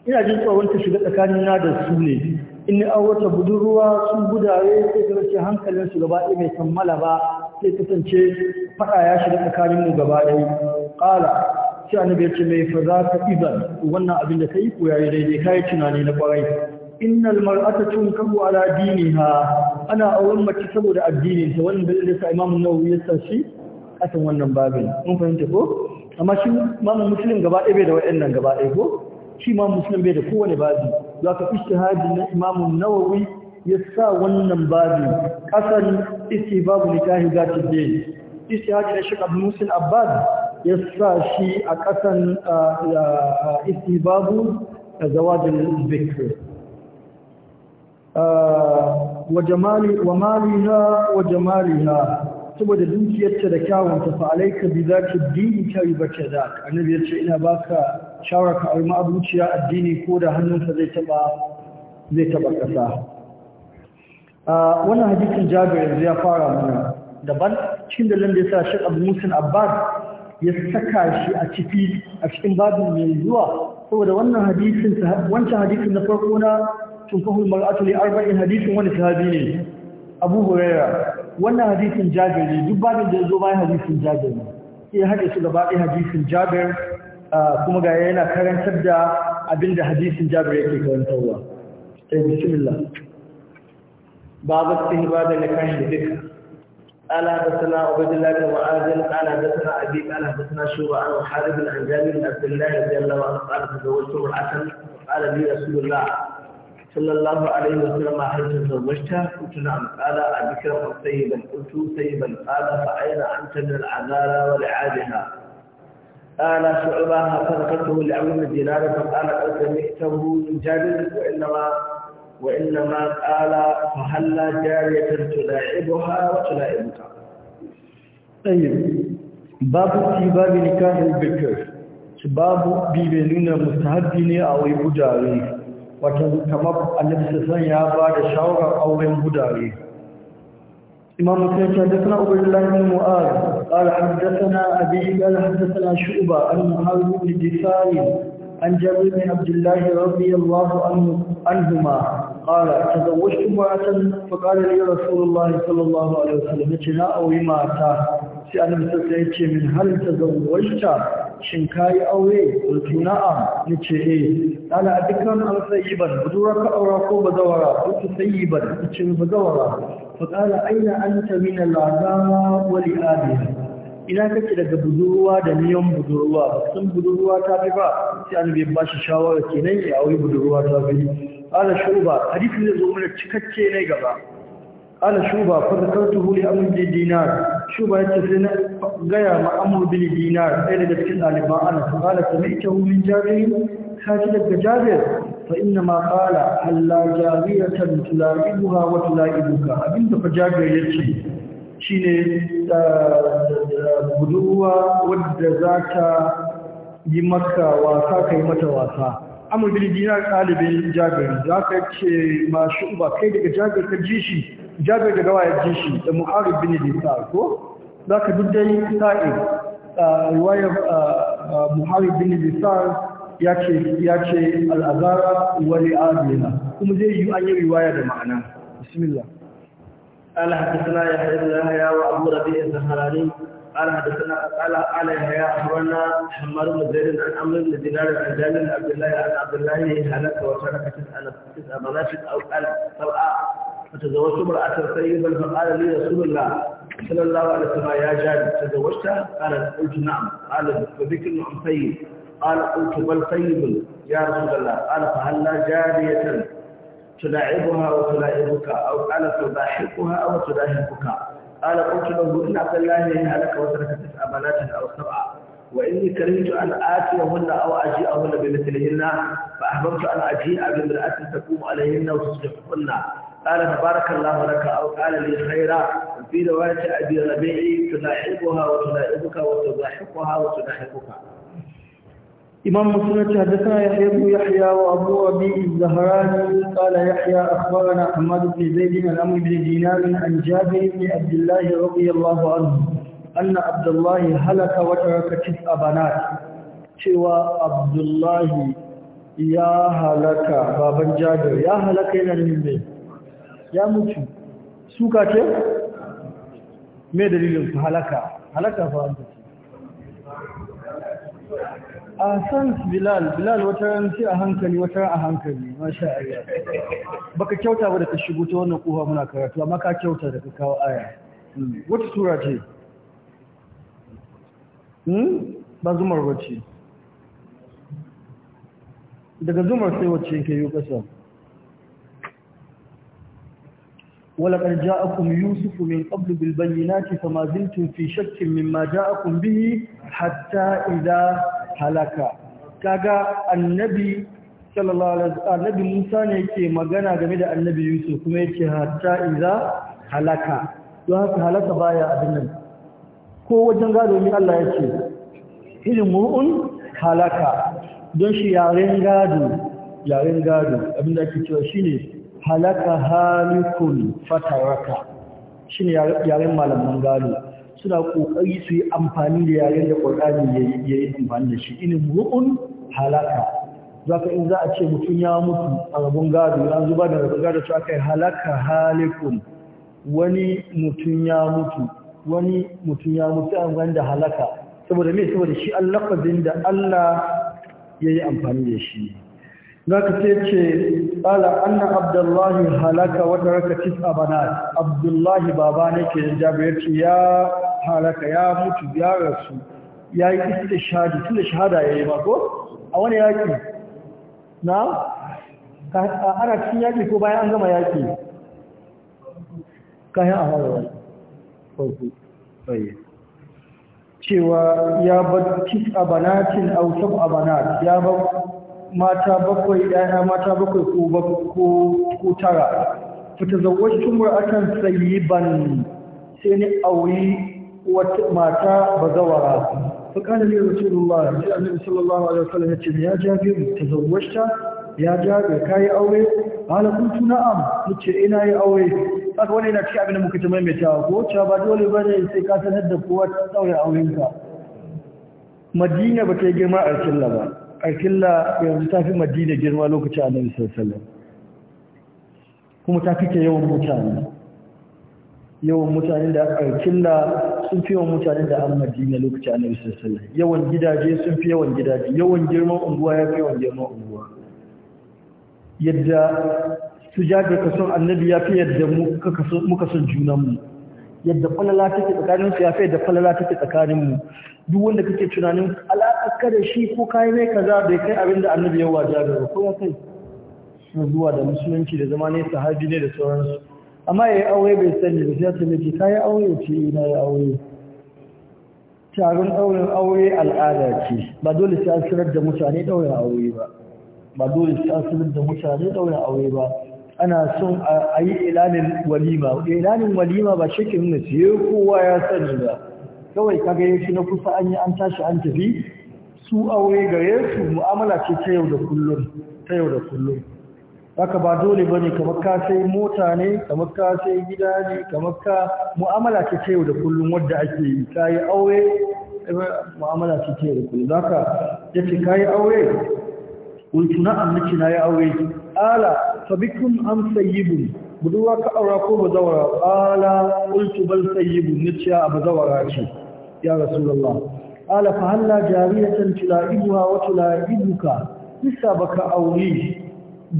ina jin tsoron ta shiga tsakanina da su ne in awata budurwa sun gudare sai ka rashin hankalin su gaba mai kammala ba sai kasance fada ya shiga tsakanin mu gaba ɗaya qala sai annabi ya ce mai fa ka idan wannan abin da kai ko yayi daidai kai tunani na kwarai innal mar'ata tunkabu ala diniha ana auren mace saboda addinin ta wannan dalilin sa imam nawawi ya sashi kasan wannan babin mun fahimta ko amma shi imamu muslim gaba ɗaya bai da waɗannan gaba ɗaya ko shi imamu muslim bai da kowane babi za ka ishtihadi na imamu nawawi ya sa wannan babi kasan istibabu nikahi zati din istihadi na shi abdul muslim abbas ya sa shi a ƙasan istibabu da zawajin zikir wa jamali wa maliha wa saboda dukiyarta da kyawunta fa alaika bi zaki dini ta yi bace da annabi ya ce ina baka shawarar ka aure ma'abuciya addini ko da hannunka zai taba zai taba kasa wannan hadisin Jabir ya fara mana daban cikin da ya sa shi Abu musin Abbas ya saka shi a ciki a cikin babin mai zuwa saboda wannan hadisin wancan hadisin na farko na tunkahul mar'atu li arba'in hadisin wani sahabi ne Abu Hurairah wannan hadisin Jabir ne duk babin da zo bayan hadisin Jabir ne sai ya hade su gaba ɗaya hadisin Jabir kuma ga yana karantar da abinda hadisin Jabir yake karantarwa sai bismillah babu istihbab da kan duka ألا بسنا عبد الله بن معاذ ألا بسنا ابي ألا بسنا شورى عن محارب عن جابر بن عبد الله رضي الله عنه قال تزوجت الحسن قال لي رسول الله صلى الله عليه وسلم هل تزوجتها قلت نعم قال ابكرا طيبا قلت طيبا قال فاين انت من العذارى ولعادها قال شعبها فنقلته لعمر بن دينار فقال قد سمعته من جابر وانما وإنما قال فهل جارية تلاعبها وتلاعبك طيب باب في باب نكاح البكر باب بيبنون مستهدين أو يبجاري وكما كما النبي صلى يا بعد شاور أو يبجاري إمام مسلم حدثنا أبو الله بن مؤاد قال حدثنا أبي قال حدثنا شعبة عن محاول بن دفاع عن جابر بن عبد الله رضي الله عنه عنهما قال تزوجت امرأة فقال لي رسول الله صلى الله عليه وسلم يتنا أو ماتا سألم سيأتي من هل تزوجت شنكاي أوي قلت نعم نتي إيه أنا أذكر أن سيبا بدورك أوراقو بدورا قلت سيبا نتي بدورا فقال أين أنت من العذاب ولآبها ina kake daga budurwa da miyan budurwa san budurwa ta fi ba sai an bai ba shi shawara kenan ya aure budurwa ta fi ƙala shu ba hadifin da zo mana cikakke ne gaba ƙala shu ba fadakartu huli amur dinar shu ba na gaya ma amur bin dinar ɗaya daga cikin ɗaliban ana su ƙala ta mai kyau min daga jabir fa inna ma ƙala allah jabiya ta mutula ibuka wa tula ibuka abin da ce shi ne budurwa wadda za ta yi maka wasa ka yi mata wasa amur bin dinar ɗalibin jagar za ka ce ma uba kai daga jagar ka ji shi da gawa ya ji shi da mu'arib bin dinar ko za ka duk dai sa'i riwayar mu'arib bin dinar ya ce ya ce al'azara wani adina kuma zai yi an yi riwaya da ma'ana bismillah قال ya يحيى بن wa abu rabi'in الزهراني قال حدثنا قال قال يا اخبرنا حمار بن زيد عن عمرو بن دينار عن جابر بن عبد الله عن عبد الله هلك وترك تسع تسع بنات او قال طلقه فتزوجت امراه طيبا فقال لي رسول الله صلى الله عليه وسلم يا جابر تزوجتها؟ قال قلت نعم قال فبك نعم طيب قال قلت بل طيب يا رسول الله قال فهل لا جاريه تلاعبها وتلاعبك او قال تضاحكها وتضاحكك قال قلت له إن عبد الله ينهلك وترك تسع بنات أو سبعة وإني كرهت أن آتيهن أو أجيئهن بمثلهن فأحببت أن أجيء بامرأة تقوم عليهن وتصلحهن قال تبارك الله لك أو قال لي خيرا في رواية أبي ربيعي تلاحبها وتلاعبك وتضحكها وتضحكك إمام مسلم حدثنا يحيى بن يحيى وأبو أبي الزهراني قال يحيى أخبرنا أحمد بن زيد الأمر بن دينار عن جابر بن عبد الله رضي الله عنه أن عبد الله هلك وترك تسع بنات cewa abdullahi ya halaka baban jabir ya halaka yana nufin mai ya mutu suka ce mai dalilin su halaka halaka fa an tafi a san bilal bilal wata ran ce a hankali wata ran a hankali masha Allah baka kyauta ba da ka shigo ta wannan kuha muna karatu amma ka kyauta da ka kawo aya hmm, wata sura ce hmm ba zumar wacce daga zumar sai wacce ke yi kasa ولقد جاءكم يوسف من قبل بالبينات فما زلتم في شك مما جاءكم به حتى إذا halaka kaga annabi sallallahu alaihi annabi Musa ne yake magana game da annabi Yusuf kuma yake hatta iza halaka don haka halaka baya abin nan ko wajen gado ne Allah yake ilmun halaka don shi yaren gado yaren gado abinda yake cewa shine halaka halikun fataraka shine yaren malaman gado suna ƙoƙari su yi amfani da yaren da Qur'ani ya yi amfani da shi inin ru'un halaka zaka in za a ce mutum ya mutu a rabon gado ya zuba da rabon gado aka yi halaka halikun wani mutum ya mutu wani mutum ya mutu an ganda halaka saboda me saboda shi Allah lafazin da Allah ya yi amfani da shi zaka sai ce qala anna abdullahi halaka wa taraka tis abanat abdullahi baba ne ke jabir ya halaka ya mutu ya rasu ya yi istishhadi tun da shahada ya yi mako a wani yaƙi na ana cikin yaƙi ko bayan an gama yaƙi kayan a fara wani farko cewa ya bar tis abanatin au sab abanat ya bar mata bakwai ɗaya mata bakwai ko tara fita zawwajtu mar'atan ban sai ni auri wata mata bazawara fa kana liya rasulullah ji annabi sallallahu alaihi wasallam ya ce ya jabir tazawwajta ya jabir kai aure ala kuntu na'am kace ina eh, yi aure kaga wani yana cikin abin da muke tambaye mai tawa ko cewa ba dole bane sai ka sanar da kowa tsaurin auren ka madina ba ta girma a killa ba a killa yanzu ta fi madina girma lokacin annabi sallallahu alaihi wasallam kuma ta fike yawan mutane yawan mutanen da aka killa sun fi yawan mutanen da an madina lokacin annabi sallallahu alaihi wasallam yawan gidaje sun fi yawan gidaje yawan girman unguwa ya fi yawan girman unguwa yadda su jaje ka annabi ya fi yadda muka son junanmu yadda falala take tsakanin su ya fi yadda falala take tsakanin mu duk wanda kake tunanin alaƙa da shi ko kai ne kaza bai kai abin da annabi ya wajaba ko ya kai zuwa da musulunci da zama ne sahabi ne da sauransu amma ya yi aure bai sani da shi ta mace ta yi aure ce ina ya aure taron ɗaurin aure al'ada ce ba dole sai asirar da mutane ɗaurin aure ba ba dole sai asirar da mutane ɗaurin aure ba ana son a yi ilanin walima ilanin walima ba shekin nuna siye eh, kowa ya sani ba kawai kaga yanki na kusa an yi an tashi an tafi su aure gare su mu'amala ce ta yau da kullum ta yau da kullum haka ba dole bane kamar ka sai mota ne kamar ka sai gida ne kamar ka mu'amala ce ta da kullum wanda ake yi ka aure mu'amala ce ce da kullun zaka yace ka yi aure kuntu na nake na yi aure ala fabikum am sayyibun budurwa ka aura ko bazawara ala kuntu bal sayyibun nace a bazawara ce ya rasulullah ala fa halla jariyatan tilaibuha wa tilaibuka bisa baka aure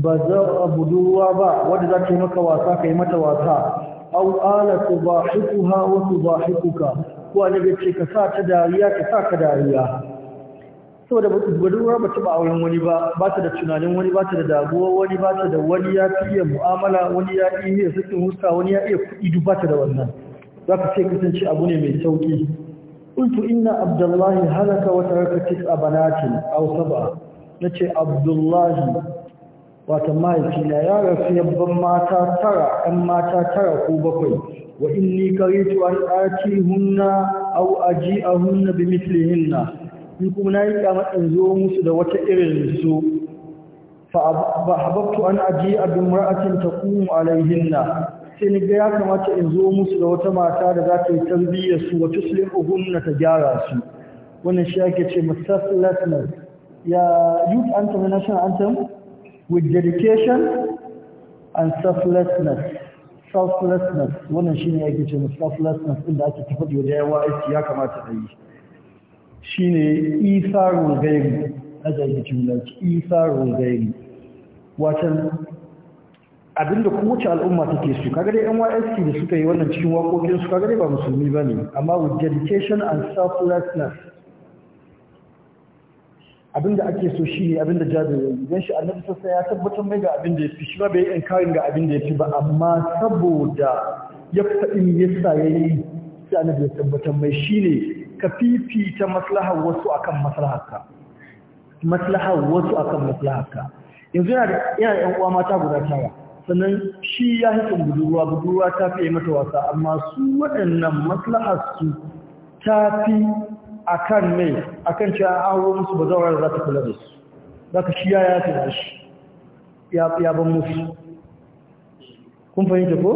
ba za a budurwa ba wadda za ka yi maka wasa ka yi mata wasa au ala su ba ha wasu ba ka ko daga ce ka sa ta dariya ka sa ka dariya saboda budurwa ba ta ba auren wani ba ba ta da tunanin wani ba ta da damuwa wani ba ta da wani ya fi iya mu'amala wani ya iya sakin huska wani ya iya kuɗi duk ba ta da wannan za ka ce kasance abu ne mai sauƙi قلت إن عبد الله هلك وترك تسع بنات أو سبعة نتي عبد الله wato mahaifina ya rasu yabban mata tara ɗan mata tara ko bakwai wa in inni qaritu an ɗaci hunna au aji atihunna aw aji'ahunna bimithlihinna in kuma na yi kamar in zo musu da wata irin su fa ahbabtu an a bi imra'atin taqumu alaihinna sai ni ga ya kamata in zo musu da wata mata da za ta yi tarbiyyar su wa tuslihuhunna ta gyara su wannan shi ake ce mustaslatness ya youth anthem national anthem with dedication and selflessness selflessness wannan shine yake ce mu selflessness din da ake tafi da yawa aiki ya kamata a yi shine isarul ghairi aje yake jumla isarul ghairi watan abinda kowace al'umma take su kaga dai NYSC da suka yi wannan cikin wakokin su kaga dai ba musulmi bane amma with dedication and selflessness Abin da ake so shi ne abinda jabe ya yi don shi annabi sassa ya tabbatar mai ga abinda ya fi shi ba bai yi inkarin ga abinda ya fi ba amma saboda ya faɗi yasa ya yi sai annabi ya tabbatar mai shi ne ka fifita maslahar wasu akan maslaharka maslahar wasu akan maslaharka yanzu yana da yan uwa mata guda tara sannan shi ya hikin budurwa budurwa ta fi fiye mata wasa amma su waɗannan maslahar su ta fi akan mai akan cewa an hau musu bazawar za ta kula da su za ka shi ya ya da shi ya ban musu kun fahimta ko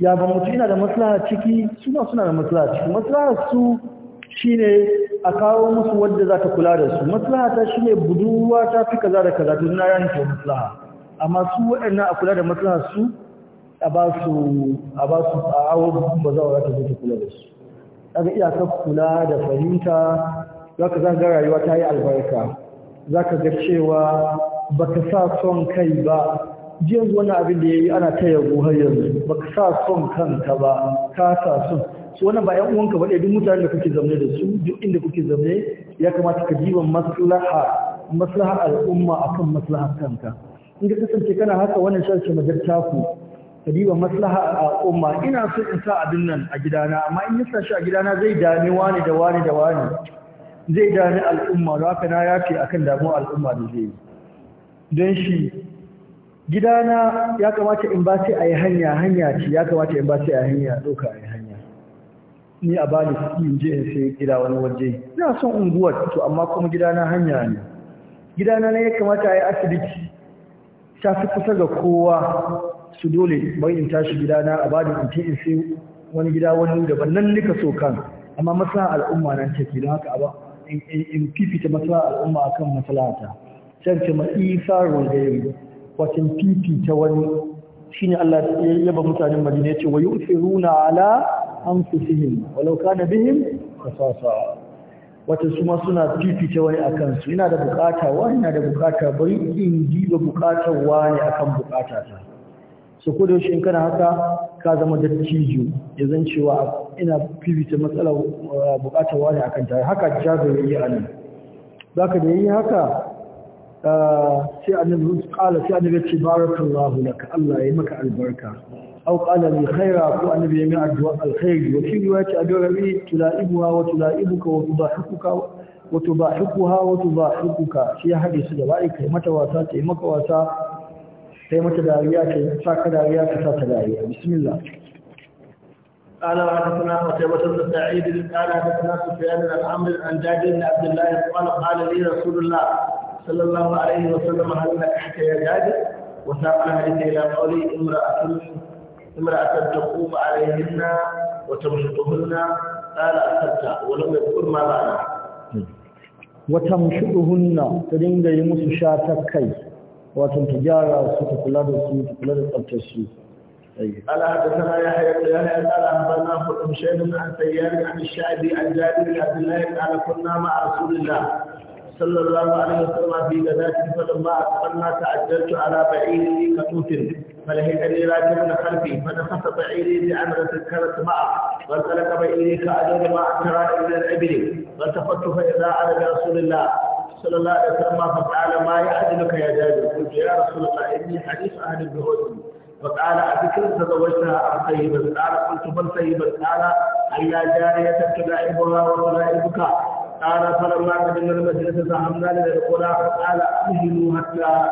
ya ban mutu ina da maslaha ciki suna suna da maslaha ciki maslaha su shine a kawo musu wadda za ta kula da su maslaha ta shine buduwa ta fi kaza da kaza tun na yayin maslaha amma su waɗannan a kula da maslaha su a ba su a ba su a bazawar za ta kula da su kaga iyakar kula da fahimta za ka zaga rayuwa ta yi albarka za ka ga cewa ba ka sa son kai ba jiyan wani abin da ya yi ana ta yabo har yanzu ba ka sa son kanka ba ka sa son su wannan ba 'yan uwanka ba ɗaya duk mutanen da kuke zaune da su duk inda kuke zaune ya kamata ka jiwa maslaha maslaha al'umma akan maslahar kanka in ka kasance kana haka wannan shi ke ku ka maslaha a umma ina so in sa abin nan a gidana amma in yasa shi a gidana zai dami wani da wani da wani zai dami al'umma da haka na yafe akan damuwa al'umma da zai yi don shi gidana ya kamata in ba sai a yi hanya hanya ce ya kamata in ba sai a yi hanya ɗauka a yi hanya ni a bani kuɗi in je in sai gida wani waje ina son unguwar to amma kuma gidana hanya ne gidana ne ya kamata a yi asibiti ta fi kusa ga kowa su dole bai in tashi na a bada in in sai wani gida wani daban nan nika so kan amma masana al'umma nan take don haka ba in fifita masana al'umma akan masalata can ce ma isa rogayi wacin fifita wani shine Allah ya yaba mutanen Madina yace wa yusiruna ala anfusihim walau kana bihim qasasa wata su ma suna fifita wani akan su ina da bukata wani na da bukata bari in ba bukatar wani akan bukata ta su kudu da in kana haka ka zama dattijo ya zan cewa ina fifita matsalar eh, bukatar wani akan ta haka ya yi anan ka da yi haka eh, sai annabi kala sai annabi ce barakallahu laka Allah ya yi maka albarka au qala li khaira ko annabi ya yi addu'a alkhair wa fi riwayati abi rabi tulaibuha wa tulaibuka wa tudahiquka wa hukuka wa ya shi hadisi da bai kai mata wasa ta maka wasa sai متداويات dariya داويات sa ka بسم الله قال وحدثنا قتيبة بن سعيد قال حدثنا سفيان بن عمرو عن جابر بن عبد الله قال قال لي رسول الله صلى الله عليه وسلم هل لك حتى يا جابر وساق الحديث الى قولي امرأة امرأة تقوم عليهن وتمشطهن قال أخذت ولم يذكر ما معنى وتمشطهن تدين يمس شاتكي wato تجارة gyara su ta kula da su ta kula قال حدثنا يحيى بن يحيى قال اخبرنا ابن شيخ عن سيار عن الشعبي عن جابر بن عبد الله قال كنا مع رسول الله صلى الله عليه وسلم في غزاه فلما اقبلنا تعجلت على بعيري كتوت فلحقني من خلفي فدخلت بعيري بامره تذكرت معه وانطلق بعيري كاجر ما اكرى الى الابل فالتفت فاذا على رسول الله صلى الله عليه وسلم فقال ما يعدلك يا جابر قلت يا رسول الله إني حديث أهل الجهود فقال أذكر تزوجتها أم طيبا قال قلت بل طيبا قال ألا جارية تلاعبها وتلاعبك قال فلما قدمنا المجلس فهمنا لنقول فقال اهلوا حتى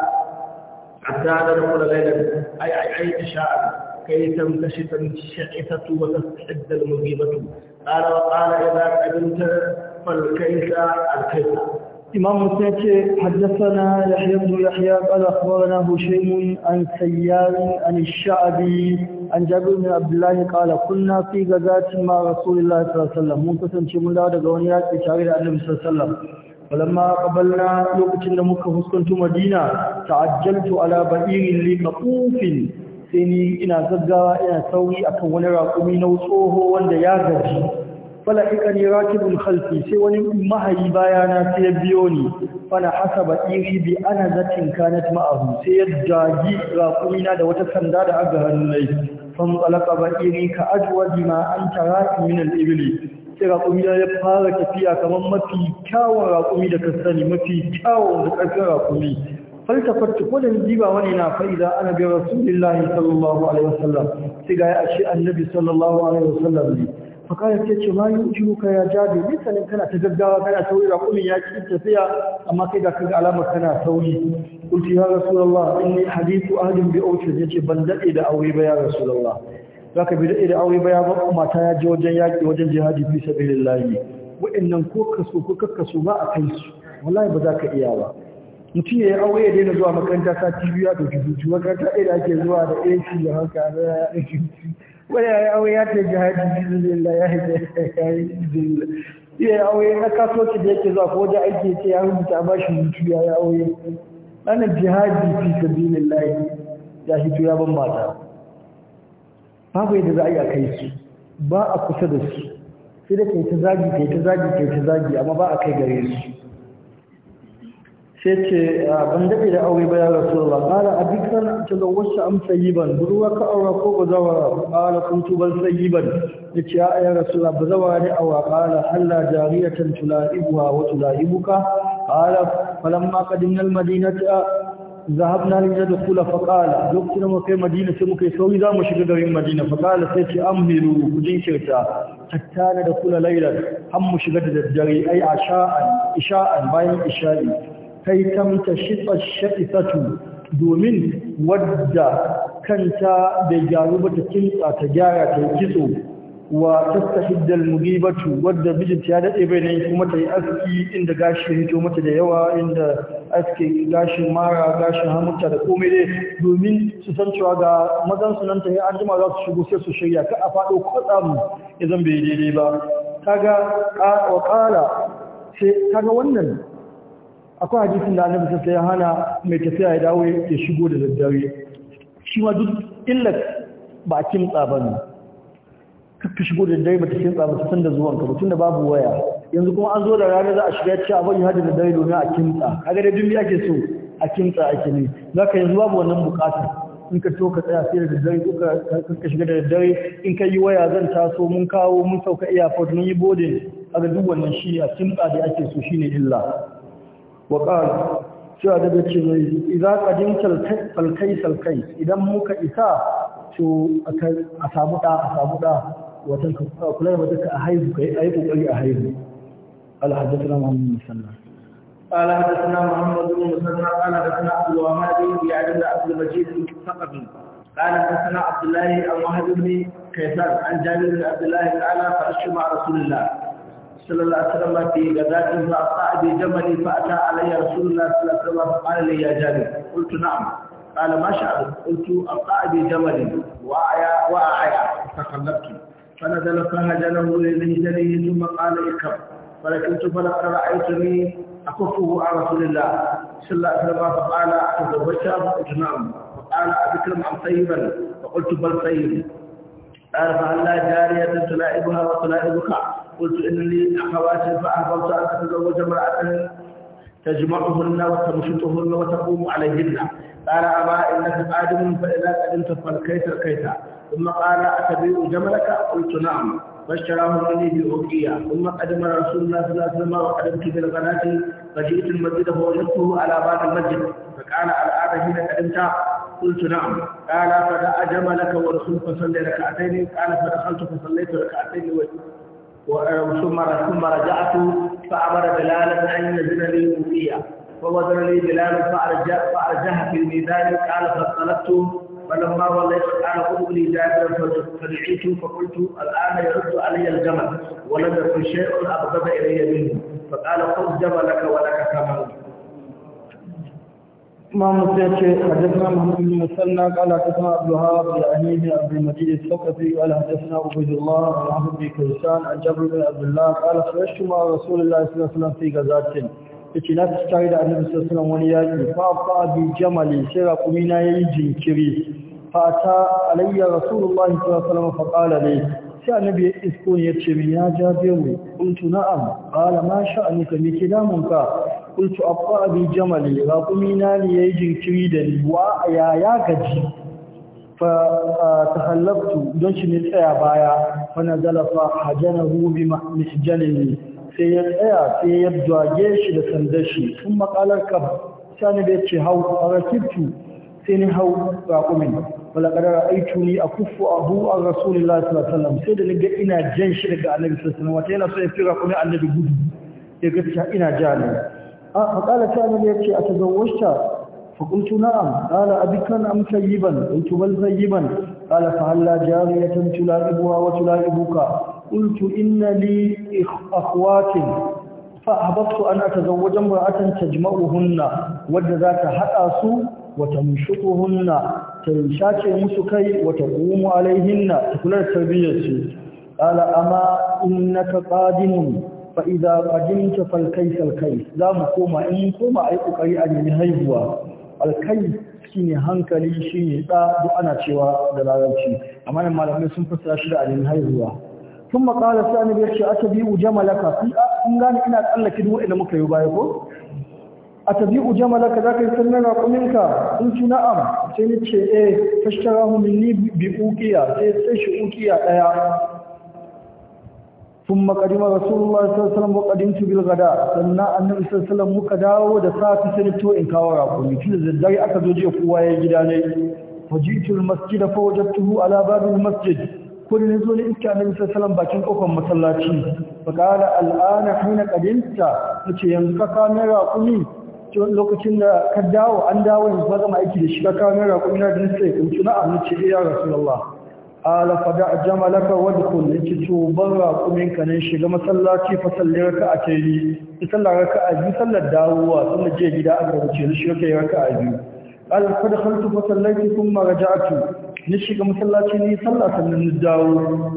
حتى ندخل ليلة أي أي أي إشاء كي تنكشف الشعثة وتستحد المغيبة قال وقال إذا قدمت فالكيس الكيس إمام مسلم حدثنا يحيى بن يحيى قال أخبرنا هشيم عن سيار عن الشعبي عن جابر بن عبد الله قال كنا في غزاة مع رسول الله صلى الله عليه وسلم منتصر شمول دعوة غونيات بشعير النبي صلى الله عليه وسلم فلما قبلنا لوقت لمك فسكنت مدينة تعجلت على بئير لي مطوف سيني إنا زغا إنا سوي أكون راقمي نوصوه وند يا غجي wala ikani rakibin khalfi sai wani mahayi bayana sai ya biyo ni fana hasaba iri bi ana zatin kanat ma'ahu sai ya dagi na da wata sanda da aga hannunai fan qalaka ba iri ka ajwadi ma anta rakin min al-ibli sai rakumina ya fara tafiya kamar mafi kyawun rakumi da ka sani mafi kyawun da karfin rakumi faltafattu ko da jiba wani na fa'iza ana bi rasulillahi sallallahu alaihi wasallam sai ga ya ashe annabi sallallahu alaihi wasallam fakara ta ce ma yi ujiruka ya jabe nisanin kana ta gaggawa kana sauri raƙumin ya ci tafiya amma kai ga kaga alamar kana sauri kulti ya rasulallah in ne hadithu ahadin bi auce ya ce ban daɗe da aure ba ya rasulallah za ka bi daɗe da aure ba ya ba mata ya je wajen yaƙi wajen jihadi fi sabilillahi wa'annan ko kaso ko kakkaso ba a kai su wallahi ba za ka iya ba mutum ya aure ya daina zuwa makaranta sati biyu ya ɗauki hutu makaranta ɗaya da ake zuwa da ac da haka da ya ɗauki hutu wani ya yi aure ya ce jihadi da ya yi bizillah iya ya aure na kasuwanci da yake zuwa ko wajen aiki ce ya rubuta ba shi mutu ya yi aure Ana jihadi fi layi ya hito ya ban mata babu yadda za a yi a kai su ba a kusa da su sai da kai ta zagi kai ta zagi kai ta zagi amma ba a kai gare su sai ce ban daɗe da aure ba ya rasulullah qala abika na ta zawwasha am ban. budurwa ka aura ko ba Ƙara bazawara qala kuntu bal sayyiban a ya ya Ba bazawara ne a waƙara. aura qala alla jariyatan tulaibuha wa tulaibuka qala falamma qadimna al madinata zahabna linadkhula faqala lokacin mu kai madina sai muka yi sauri mu shiga garin madina faqala sai ce an amhiru ku jinkirta hatta na da kula lailan har mu shiga da daddare ai a asha'an isha'an bayan isha'i kai tamta shitsa sha'isatu domin wadda kanta bai gyaru ba ta kintsa ta gyara ta kitso wa tastahiddal mugibatu wadda bijinta ya dade bai nan kuma ta yi aski inda gashi hito mata da yawa inda aski gashin mara gashin hamunta da komai dai domin su san cewa ga mazan su nan ta yi anjima za su shigo sai su shirya ka a faɗo kwatsam ya zan bai daidai ba kaga wa kala sai kaga wannan akwai hadisin da annabi sai ya hana mai tafiya ya dawo ya shigo da daddare shi ma duk illa ba a kimtsa ba ne kakka shigo da daddare ba ta kimtsa ba ta san da zuwanka ba da babu waya yanzu kuma an zo da rana za a shiga ya ce a bari hada da daddare domin a kimtsa a da duk ake so a kimtsa ake ne za ka yanzu babu wannan bukata in ka to ka tsaya sai da daddare ko ka shiga da daddare in ka yi waya zan taso mun kawo mun sauka airport mun yi boarding ga duk wannan shi a kimtsa da ake so shine illa wa ƙara cewa daga ce ƙadin salkai salkai idan muka isa to a samu ɗa a samu ɗa watan kula da wata a haihu yi ƙoƙari a haihu قال حدثنا محمد بن مسلم قال حدثنا عبد الوهاب بن عبد عبد المجيد الثقفي قال حدثنا عبد الله بن بن كيسان عن جابر بن عبد الله قال خرجت مع رسول الله صلى الله عليه وسلم في غداة فأصاع جملي فأتى علي رسول الله صلى الله عليه وسلم فقال لي يا جابر قلت نعم قال ما شأنك قلت أصاع جملي وأعيا وأعيا فقلبت فنزل فهجله لهجله ثم قال اكرم فلكنت فلقد رأيتني أكفه عن رسول الله صلى الله عليه وسلم فقال تزوجت فقلت نعم فقال أذكرم عن طيبا فقلت بل طيب قال فهل لا جارية تلائبها وتلائبك قلت إن لي أخوات فأحببت أن أتزوج امرأة تجمعهن وتمشطهن وتقوم عليهن قال أما إنك قادم فإذا قدمت فالكيت الكيت ثم قال أتبيع جملك قلت نعم فاشتراه مني بأوكية ثم قدم رسول الله صلى الله عليه وسلم وقدمت بالغناة فجئت المسجد فوجدته على باب المسجد فقال الآن حين قدمت قلت نعم قال فدع جملك وادخل فصلي ركعتين قال فدخلت فصليت ركعتين ثم رجعت فأمر بلالا أن يزن لي الأوفية فوزن لي بلال فأرجه في الميزان قال فاختلفت فلما وليت قال خذ لي جابرا فدعيت فقلت الآن يرد علي الجمل ولم يكن شيء أبغض إلي منه فقال خذ جملك ولك ثمنه إمام مسلم حدثنا محمد بن مسنى قال حدثنا عبد الوهاب بن أمين عبد المجيد الثقفي قال حدثنا عبيد الله بن عمرو بن كيسان عن جابر بن عبد الله قال خرجت مع رسول الله صلى الله عليه وسلم في غزاة yace na ci tare da annabi sallallahu alaihi wasallam wani yaki fa fa bi jamali sai rakumi na yayi jinkiri fa ta alayya rasulullahi sallallahu alaihi wasallam fa qala li sai annabi ya isko ya ce min ya jabiru kuntu na'am qala ma sha ka miki da damun ka abba abi jamal jamali kuma ina ne yayi jinkiri da ni wa ya ya gaji fa tahallabtu don shi ne tsaya baya fa nazala fa hajanahu bi mahjalin sai ya tsaya sai ya dwaje shi da sandar shi kuma qalar ka ne bai ce hau rakibtu sai ne hau raqumin wala kadara a kufu abu an rasulullahi sallallahu alaihi sai da naga ina jan shi daga annabi sallallahu wata yana so ya fi kuma annabi gudu ya ga ina ja ne a faqala ta annabi yace a tazawwashta فقلت نعم قال أبكرا أم سيبا قلت بل سيبا قال فهلا جارية تلاعبها وتلاعبك قلت إن لي أخوات فأحببت أن أتزوج امرأة تجمعهن ود ذاك حتى وتمشطهن تنشاك مسكي وتقوم عليهن تكون تربية قال أما إنك قادم فإذا قدمت فالكيس الكيس لا مقوم إن قوم أي أقري أن ينهيبوا الكيس shine hankali shine da duk ana cewa da larabci amma nan malamai sun fassara shi da alin haihuwa kuma qala sani bi shi bi jamalaka fi an gane ina tsallake duk wanda muka yi baya ko a tabi'u jamalaka za ka yi sannan raƙuminka in ci na'am sai ni ce eh tashtara minni bi ukiya sai sai shi ukiya ɗaya sun makarima rasulullah sallallahu wa kadimtu bil gada sannan annabi sallallahu muka dawo da safi sai to in kawo raƙumi tun da daddare aka zo jiya kowa ya gida ne fajitu al masjid fa wajadtuhu ala babil masjid kullun zo ne iska annabi sallallahu bakin kofar masallaci fa qala al ana hina qadimta nace yanzu ka kawo raƙumi lokacin da ka dawo an dawo yanzu ba zama aiki da shi ka kawo mera kuma ina da nasa ya kuntu na amince da ya rasulallah ala da a jamalaka wadda kullum ci tuban raƙumin ka nan shiga masallaci fa raka a ta yi sallar raka a biyu sallar dawowa sun da jiya gida a garbace na shiga kai raka a biyu ala da haltu fa sallaki kun mara ja'atu ni shiga masallaci ni sallar sannan ni dawo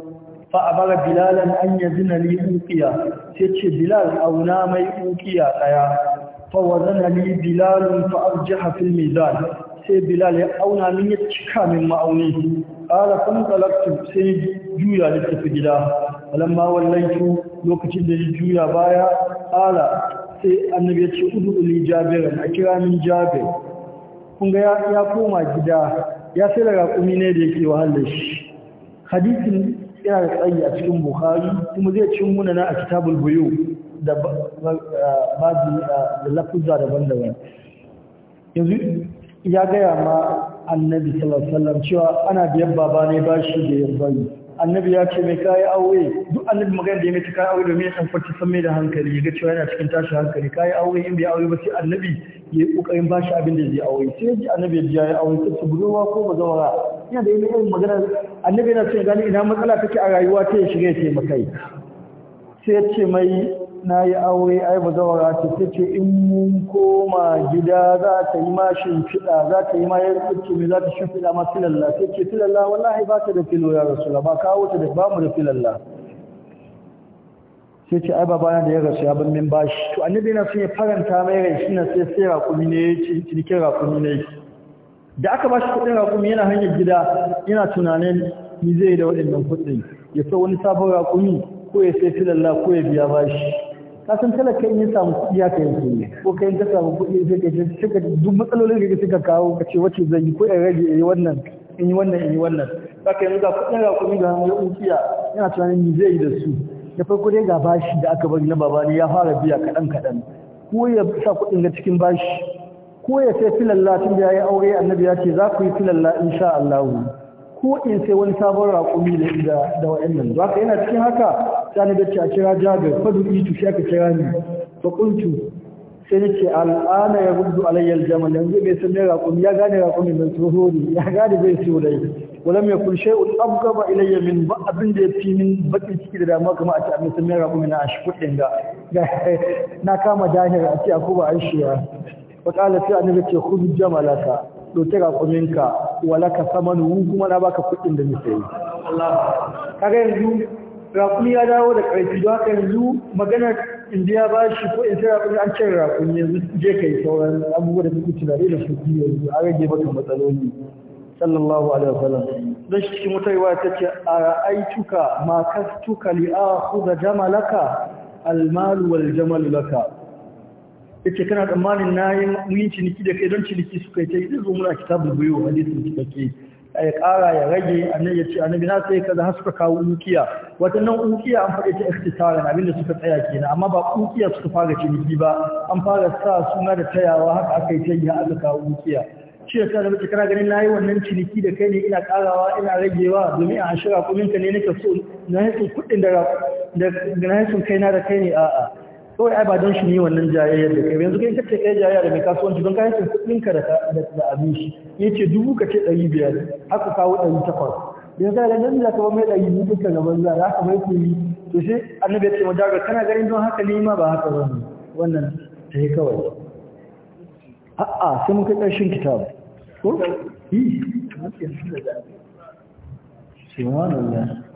fa a bara bilalan an yazina li ukiya sai ce bilal auna mai ukiya ɗaya fawazana ni bilalun fa'arjaha fil mizan sai bilal ya auna min ya cika min ma'auni ala kun talaktu sai juya da gida alamma wallaitu lokacin da ya juya baya ala sai annabi ya ce udu li jabir a kira min jabir kun ya koma gida ya sai raƙumi ne da yake wahalar shi hadisin yana da tsayi a cikin bukhari kuma zai cin na a kitabul buyu da ba da lafuzza daban-daban yanzu ya gaya ma annabi sallallahu alaihi wasallam cewa ana biyan baba ne bashi da yabbai annabi ya ce mai kai aure duk annabi magana da ya mai kai aure domin ya san kwanci san mai da hankali ga cewa yana cikin tashi hankali kai aure in bai aure ba sai annabi ya yi kokarin bashi abin da zai aure sai ya ji annabi ya biya ya aure sai su budurwa ko bazawara yana da yin magana annabi yana ce gani ina matsala take a rayuwa ta ya shiga ya taimakai sai ya ce mai na yi aure ai ba zawara ta ce in mun koma gida za ta yi ma shimfiɗa za ta yi ma yar mai za ta shimfiɗa ma filalla sai ce filalla wallahi ba ta da filo ya rasula ba kawo ta da ba mu da filalla sai ce ai babana da ya rasu ya min bashi to annabi na sun yi faranta mai rai shi na sai sai rakumi ne ya ce rakumi ne da aka bashi kuɗin rakumi yana hanyar gida yana tunanin ni zai da waɗannan kuɗin ya sau wani sabon rakumi ko ya sai filalla ko ya biya bashi Ka san talaka in ya samu kuɗi ya kai kuɗi ko kai ka samu kuɗi sai ka ce suka duk matsalolin da suka kawo ka ce wacce zan yi ko in rage yi wannan in yi wannan in yi wannan ka yanzu ga kuɗin ga kuɗi ga yau kiya yana tunanin ni zai yi da su da farko dai ga bashi da aka bari na babani ya fara biya kaɗan kaɗan ko ya sa kuɗin ga cikin bashi ko ya sai filalla tun da ya yi aure annabi ya ce za ku yi filalla insha Allah ko in sai wani sabon raƙumi da da wa'annan za ka yana cikin haka sani da a kira jabir fadu itu shi aka kira ni fa kuntu sai nake al'ana ya rubdu alayya aljamal yanzu bai san me raƙum ya gane raƙum mai tsoho ya gane bai su dai mai yakun shay'un abgaba ilayya min ba abin da yafi min bakin ciki da dama kuma a ci an san me raƙum na kudin ga na kama dahir a ci aku ba aishiya wa qala sai annabi ce khudh jamalaka doke raƙuminka walaka samanu kuma na baka kudin da nake yi kaga yanzu rakumi ya dawo da karfi don haka yanzu maganar inda ya bashi ko in sai rakumi an cire rakumi yanzu je kai sauran abubuwa da suke tunani da su biyu yanzu a rage maka matsaloli sallallahu alaihi wasallam dan shi cikin wata riwaya tace a ra'aituka ma kastuka li akhudha jamalaka almal wal jamal laka yace kana tsammanin nayi mun ciniki da kai don ciniki suka yi ta yi zo muna kitabul buyu hadisin cikakke ya ƙara ya rage annan ya ce annabi na sai kaza har suka kawo ukiya watannan ukiya an faɗi ta ikhtisarin abinda suka tsaya kenan amma ba ukiya suka fara ciniki ba an fara sa suna da tayawa haka aka yi ta yi aka kawo ukiya shi ya sa da mace kana ganin nayi wannan ciniki da kai ne ina ƙarawa ina ragewa domin a shirya kuɗin ka ne nake so na haifin kuɗin da na kai kaina da kai ne a'a kawai ai ba don shi ne wannan jayayyar da kai yanzu kai kace kai jayayya da mai kasuwanci don kayan kudin ka da da abin shi yace dubu kace 500 haka kawo 800 yanzu da nan da ka mai ɗari ne duka gaban za za ka mai kuri to sai annabi ya ce mu daga kana ganin don haka ne ma ba haka ba ne wannan ta yi kawai a'a sai mun kai ƙarshen kitabu ko yi subhanallah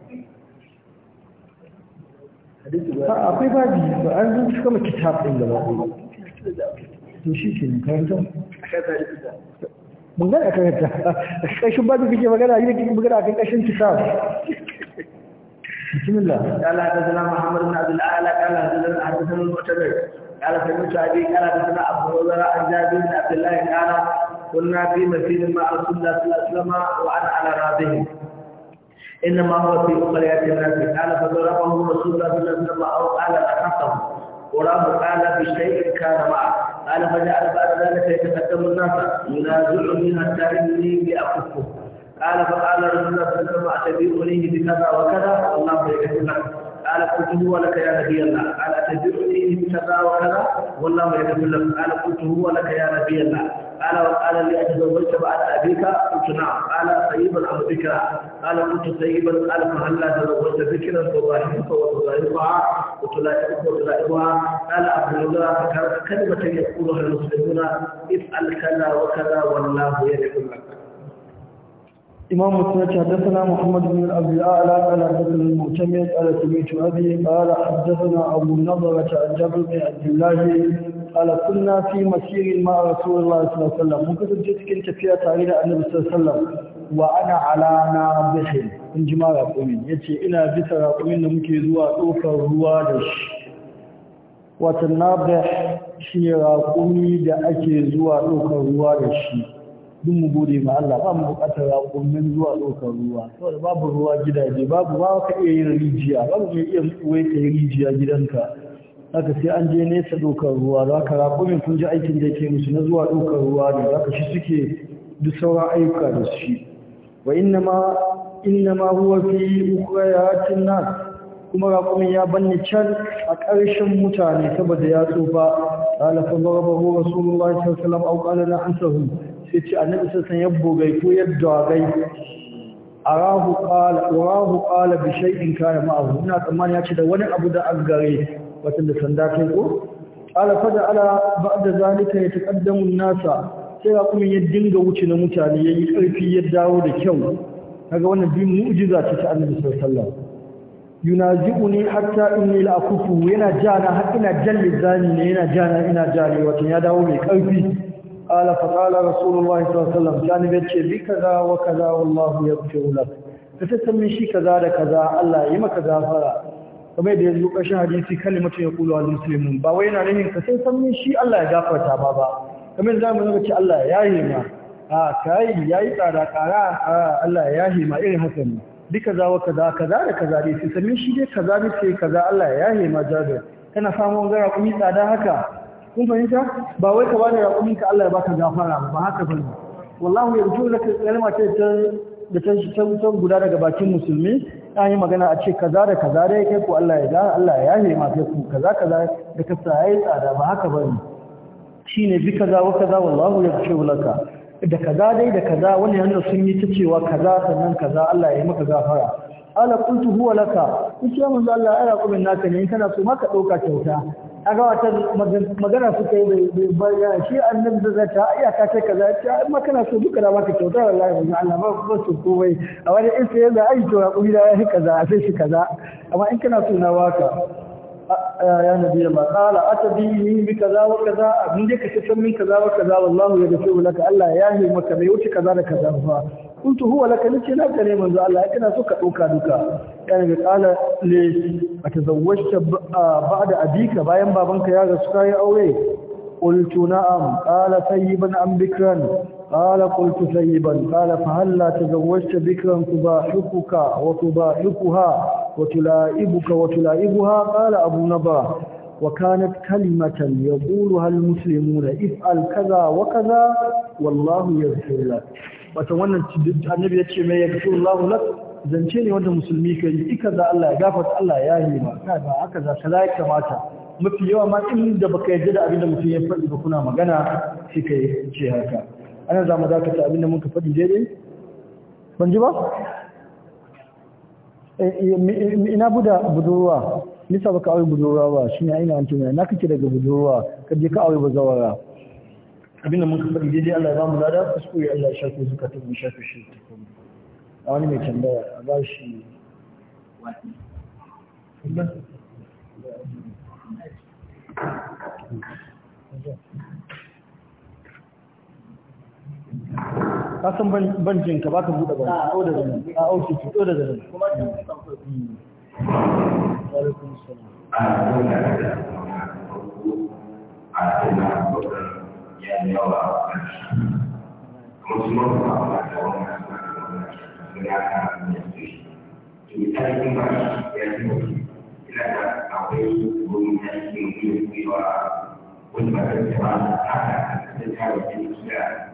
akwai babi ba an zuwa shi kama ɗin da babu to shi ke ne karanta mun gana karanta a ƙashin babu kike magana yi da kike magana a kan ƙashin kisa bismillah qala hadathana muhammad ibn abd al-ala qala hadathana hadathana mutadar qala sami'tu abi qala hadathana abu zara ajabi ibn abdullah qala kunna fi masjid ma rasulullah sallallahu alaihi wasallam wa ana ala rabbihi إنما هو في أخريات الناس قال فضربه رسول الله صلى الله عليه وسلم أو قال أحطه وراه قال بشيء كان معه قال فجعل بعد ذلك يتقدم الناس ينازعني حتى إني بأكفه قال فقال رسول الله صلى الله عليه وسلم أتبيعني بكذا وكذا والله يكفي لك قال قلت هو لك يا نبي الله قال أتدرني من كذا وكذا والله ما يكفر لك قال قلت هو لك يا نبي الله قال وقال لي أتزوجت بعد أبيك قلت نعم قال طيبا أو ذكرا قال قلت طيبا قال فهلا تزوجت ذكرا فضاحكك وتضاحكها وتلائمك وتلائمها قال عبد الله فكانت كلمة يقولها المسلمون افعل كذا وكذا والله يدعو لك إمام مسلم حدثنا محمد بن الأبي الأعلى قال حدثنا المعتمد قال سمعت أبي قال حدثنا أبو النضرة عن جبر بن عبد الله قال كنا في مسير مع رسول الله صلى الله عليه وسلم ممكن جيت كنت فيها تعليل عن النبي صلى الله عليه وسلم وأنا على نابح إن جماعة قومين يتي إنا بس قومين ممكن زوا أوفى الروادش وتنابح شيرا قومي دا أكي زوا أوفى الروادش duk mu gode ma Allah ba mu bukatar raƙumin zuwa ɗaukar ruwa saboda babu ruwa gidaje babu ba ka iya yin rijiya babu mai iya wai ka yi rijiya gidanka haka sai an je nesa ɗaukar ruwa za ka raƙumin kun ji aikin da ke musu na zuwa ɗaukar ruwa ne za ka shi suke duk sauran ayyuka da shi wa inna ma huwa fi ukhrayatin nas kuma raƙumin ya banni can a ƙarshen mutane saboda ya tsufa ƙalafa marabahu rasulullah sallallahu wasallam ƙalala an sahu sai ce annabi wasallam ya bogai ko yadda dogai arahu qala warahu qala bi shay'in kana ma'ahu ina tsammani ya ce da wani abu da an gare watan da sanda kai ko ala fa ala ba'da zalika yataqaddamu an-nasa sai ga kuma ya dinga wuce na mutane yayi karfi ya dawo da kyau kaga wannan bi mu'jiza ce ta annabi sallallahu alaihi wasallam yunazi'uni hatta inni la akufu yana jana har ina jalle zani ne yana jana ina jale wato ya dawo mai karfi qala fa qala rasulullahi sallallahu alaihi wasallam kana ce bi kaza wa kaza wallahu yaghfiru lak kace san shi kaza da kaza Allah yi maka gafara kamar da yanzu kashin hadisi kalimatu yaqulu al muslimun ba wai yana nufin kace san shi Allah ya gafarta ba ba kamar zamu ga ce Allah ya yi ma a kai yayi tsara kara Allah ya yi ma irin haka ne bi kaza wa kaza kaza da kaza dai sai sanin shi dai kaza ne sai kaza Allah ya yahe ma jabir kana samu ga raƙumi tsada haka kun fahimta ba wai ka bani raƙumi ka Allah ya baka gafara ba haka bane wallahi yarju laka kalma ce ta da ta ta guda daga bakin musulmi an yi magana a ce kaza da kaza dai kai ku. Allah ya ga Allah ya yahe ma kai ku kaza kaza da ka sai tsada ba haka bane shine bi kaza wa kaza wallahu yarju laka da kaza dai da kaza wannan yana sun yi ta cewa kaza sannan kaza Allah ya yi maka gafara ala qultu huwa laka kace mun Allah ya ai raqumin naka ne in kana so maka dauka kyauta kaga wata magana suka yi bai bayyana shi annabi da zata iyaka ta kaza ya in ma kana so duka da maka kyauta wallahi mun Allah ba so su komai a wani in sai ya ai to kubi da ya kaza sai shi kaza amma in kana so na waka آه، يا نبي الله قال أتديني بكذا وكذا أبنجك تسمي كذا وكذا والله يغفر لك ألا ياهي مكة بيوتي كذا وكذا قلت هو لك نتي لك لي منذ الله لكن سكا أوكا دوكا يعني قال لي أتزوجت آه، بعد أبيك باين بابنك يا رسول يا أوي قلت نعم قال طيبا أم بكرا قال قلت ثيبا قال فهلا تزوجت بكرا تباحكك وتباحكها وتلائبك وتلائبها قال أبو نضرة وكانت كلمة يقولها المسلمون افعل كذا وكذا والله يغفر لك وتوانا النبي يتشي ما يغفر الله لك zance ne wanda musulmi ka yi ika za Allah ya gafarta Allah ya yi ba aka za kaza ya kamata mafi yawa ma inda baka yarda da abinda mutum ya faɗi ba kuna magana sai ka ce haka ana za mu dakata da muka faɗi daidai ban ji ba eh, eh, eh, ina buda budurwa nisa ka aure budurwa ba shi ne ina an tunani na kake daga budurwa ka je ka aure ba zawara da muka faɗi daidai Allah ya ba mu lada kuskure Allah ya shafe suka mu shafe shi a wani mai tambaya a ba shi ka san ban jin ka baka buɗe ban a auda zanen a auki ki kuma alaikum salam a ne kuma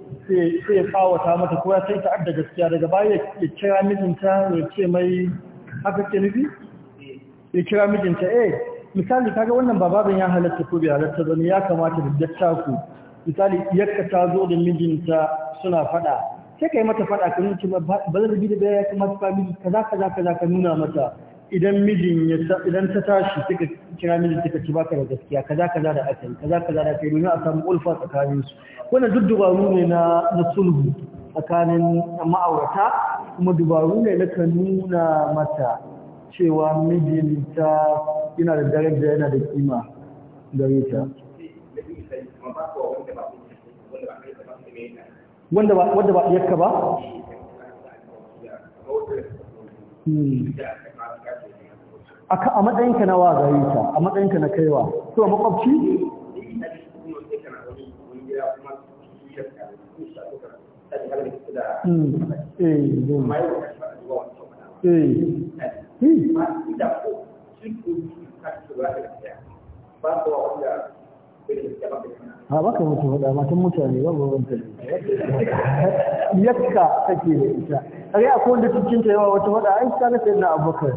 sai ya kawata mata ko sai ta adda gaskiya daga baya ya kira mijinta ya ce mai haka ke nufi eh. ya kira mijinta eh misali kaga wannan bababin ya halatta ko bai halatta zane ya kamata da datta ku misali yadda ta zo da mijinta suna fada sai ka yi mata fada ka nuna cewa ba zan da ya kamata kaza ka nuna mata idan mijin ya idan ta tashi suka kira mijin suka ci baka da gaskiya kaza kaza da aka kaza kaza da aka yi a samu ulfa tsakanin su wannan duk dubaru ne na na sulhu tsakanin ma'aurata kuma dubaru ne na ka nuna mata cewa mijin ta yana da daraja yana da kima gare ta wanda ba wanda ba yakka ba hmm. aka a matsayinka na wa gare ta a matsayinka na kaiwa to makwabci hmm. eh, eh. Hmm. ha baka mutu faɗa matan mutane ba ba wanta yakka take da ita kare akwai kowanda cikin ta yawa wata faɗa ai ta ga sai na abubakar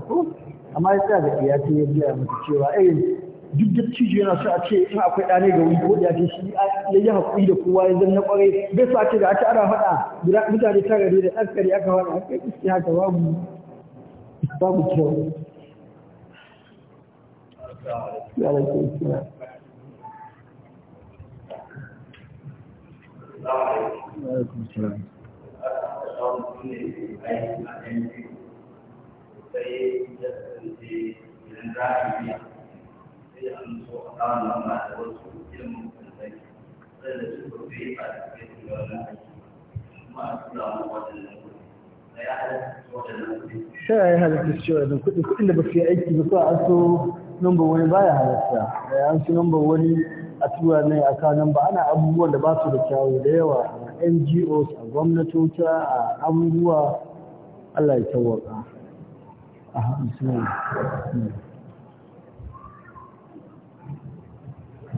amma ya tsaya da iyaki ya biya mata cewa eh duk da cijo yana so a ce in akwai ɗane ga wuri ko da ce shi ya yi haƙuri da kowa ya zanna ƙwarai bai so a ce da a ci ana faɗa mutane gari da askari aka faɗa akai iske haka babu babu kyau Thank you. kasance idan sai an so a da ba su yi da su a tura mu kuɗi ya halatta su kuɗi. ya kuɗin da ba yi aiki ba ko an so number wani baya halatta da an so number wani a tura ne a kanan ba ana abubuwan da ba su da kyawu da yawa a NGOs a gwamnatoci a abubuwa Allah ya tawaka. أها بسم الله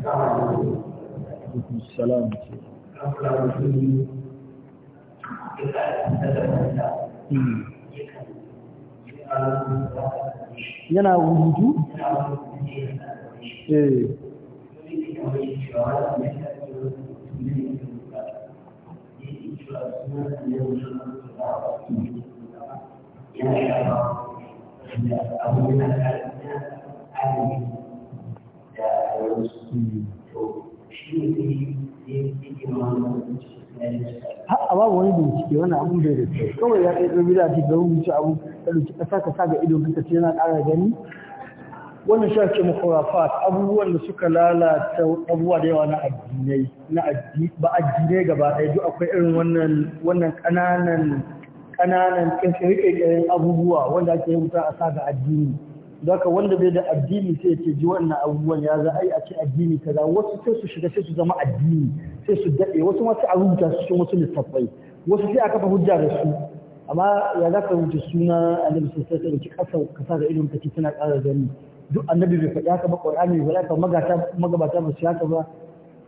عليكم السلام yana rubutu? eh a babu wani bincike wani abu bai da kyau kawai ya kai tsobi da ta ga rubuce abu da rubuce ƙasa ka sa ga ido ka ce yana ƙara gani wannan shi ake abubuwan da suka lalata abubuwa da yawa na addinai na ba addinai gaba ɗaya duk akwai irin wannan ƙananan kananan kashe abubuwa wanda ake yin wuta a sa ga addini zaka wanda bai da addini sai ya ce ji wannan abubuwan ya za a yi a ce addini kaza wasu sai su shiga sai su zama addini sai su daɗe wasu ma sai a rubuta su cikin wasu littattafai wasu sai a kafa hujja da su amma ya za ka rubuta suna annabi sai sai ɗauki ƙasa ka sa da idon ka tana ƙara gani duk annabi bai faɗi haka ba ƙwar'ani bai faɗi haka magabata ba su haka ba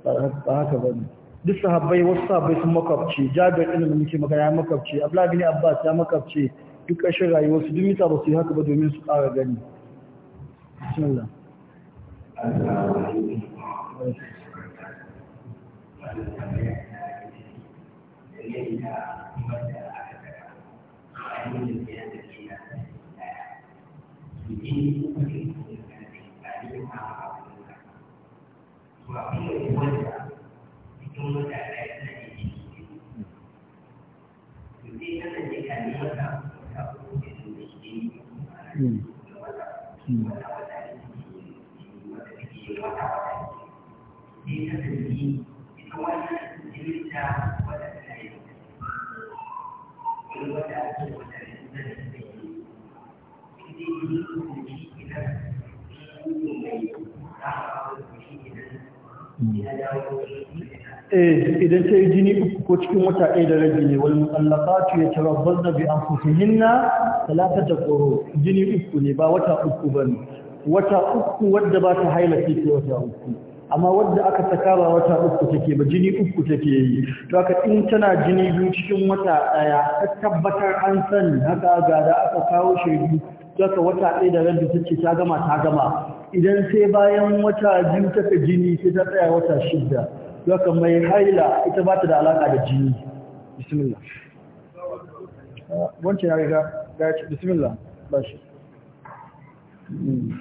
ba haka ba ne duk sahabbai wasu sahabbai sun makwabci jabir ɗin da muke magana ya makwabci abdullahi bin abbas ya makwabci duk ƙarshen rayuwar su dumita ba su yi haka ba domin su ƙara gani bismillah Thank you. Eh, idan ta yi jini uku ko cikin wata ɗaya da rabi ne wani matsalafatu ya ci bi an hinna talata da ƙoro jini uku ne ba wata uku ba ne wata uku wadda ba ta haila cikin wata uku amma wadda aka saka wata uku take ba jini uku take yi to aka in tana jini biyu cikin wata daya ta tabbatar an sani haka ga da aka kawo shaidu to wata ɗaya da rabi take ta gama ta gama idan sai bayan wata biyu ta jini sai ta tsaya wata shida to ka mai haila ita ba ta da alaka da jini bismillah wancan ya riga ga bismillah bashi hmm.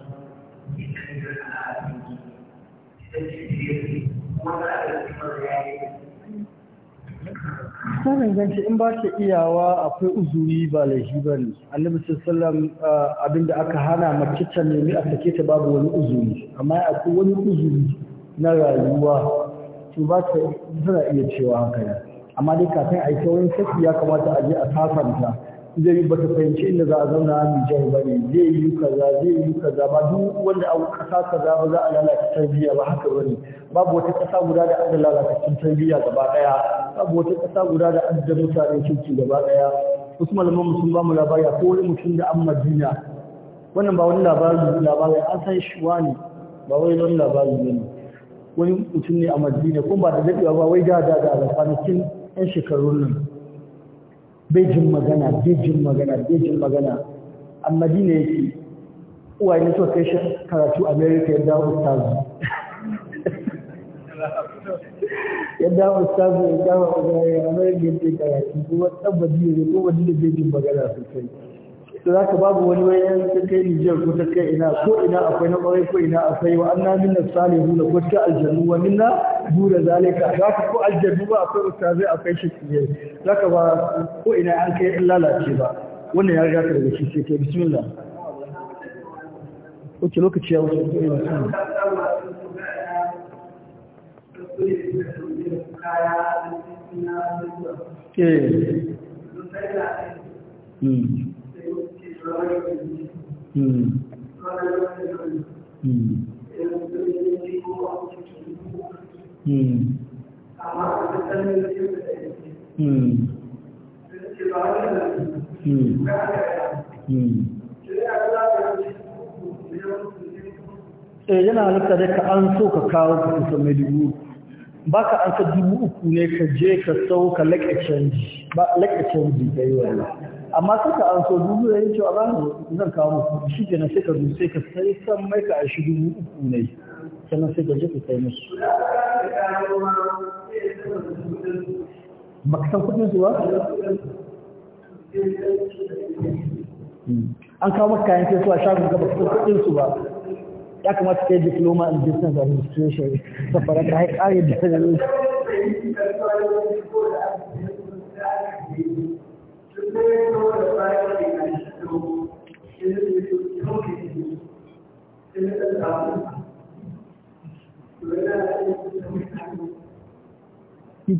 ta ganci in ba ke iyawa akwai uzuri ba laifi ba ne annabi sallam abinda ah, aka hana mace ta nemi a sake ta babu wani uzuri amma akwai wani uzuri na rayuwa to ba ta iya cewa haka ne amma dai kafin a yi saurin saki ya kamata a je a sasanta zai yi bata fahimci inda za a zauna a Nijar ba ne zai yi kaza zai yi kaza ba duk wanda a kasa kaza ba za a lalata tarbiyya ba haka bane babu wata kasa guda da aka lalata tarbiyya gaba daya babu wata kasa guda da an da tare kirki gaba daya wasu malaman sun ba mu labari ko wani mutum da an Madina wannan ba wani labari labari an san shi wani ba wai wani labari ne wani mutum ne a Madina kuma ba da dadewa ba wai da da da kwanakin yan shekarun nan bejin magana bejin magana bejin magana amma madina yake uwaye suka kai shi karatu america ya dawo ustazu ya dawo ustazu ya dawo a ya ce karatu kuma tabbaji madina ne ko madina bejin magana sosai da za ka babu wani yan ta kai Nijar ko ta kai ina ko ina akwai na ƙwarai ko ina akwai wa anna minna salihu na ko ta aljannu wa minna dura zalika za ku ko aljabi ba akwai ustazai akwai shi ne za ka ba ko ina an kai in lalace ba wannan ya riga ka daga shi sai ke bismillah oke lokaci ya wuce ko ina Hmm. Hmm. hmm hmm hmm a eh, e yana halitta dai ka an so ka kawo ka kusa mai dubu ba ka an ka dubu uku ne ka je ka sau ka laƙa canji ba laƙa canji ka yi wani amma sai ka an so dubu ya yi cewa ba zan kawo muku shi ke na sai ka zo sai ka sai san mai ka shi dubu uku ne sannan sai gaje ku kai musu baka san kudin zuwa hmm. an kawo maka kayan sai suwa shagon gaba san kudin su ba ya kamata kai diploma in business administration saboda ka haƙari da sanin Thank you.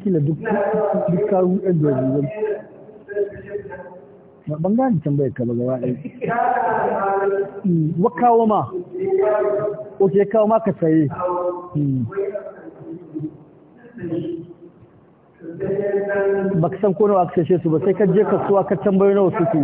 kila duk karu ɗan da zai ba ban gani tambayar ka ba gaba ɗai hmm, wa kawo ma ok kawo ma ka tsaye hmm. ba ka san ko nawa aka su ba sai ka je kasuwa ka tambayi nawa suke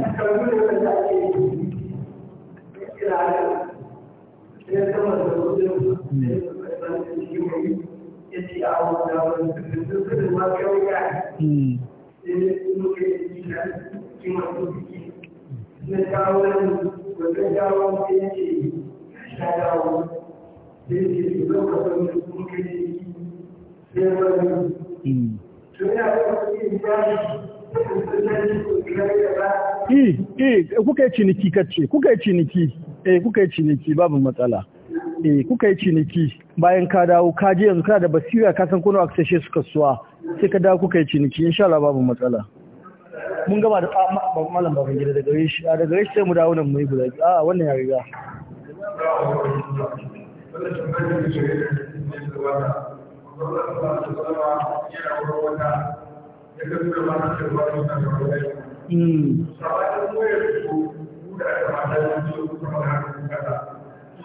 Eh, eh, kuka yi ciniki kacce, kuka yi ciniki, eh, kuka yi ciniki babu matsala. eh kuka yi ciniki bayan ka dawo ka je yanzu kana da basira ka san kuna aksashe su kasuwa sai ka dawo kuka yi ciniki insha Allah babu matsala mun gaba da ah, malam babu gida daga gare shi ah, daga gare shi sai mu dawo nan mu yi guda a ah, wannan ya riga Mm.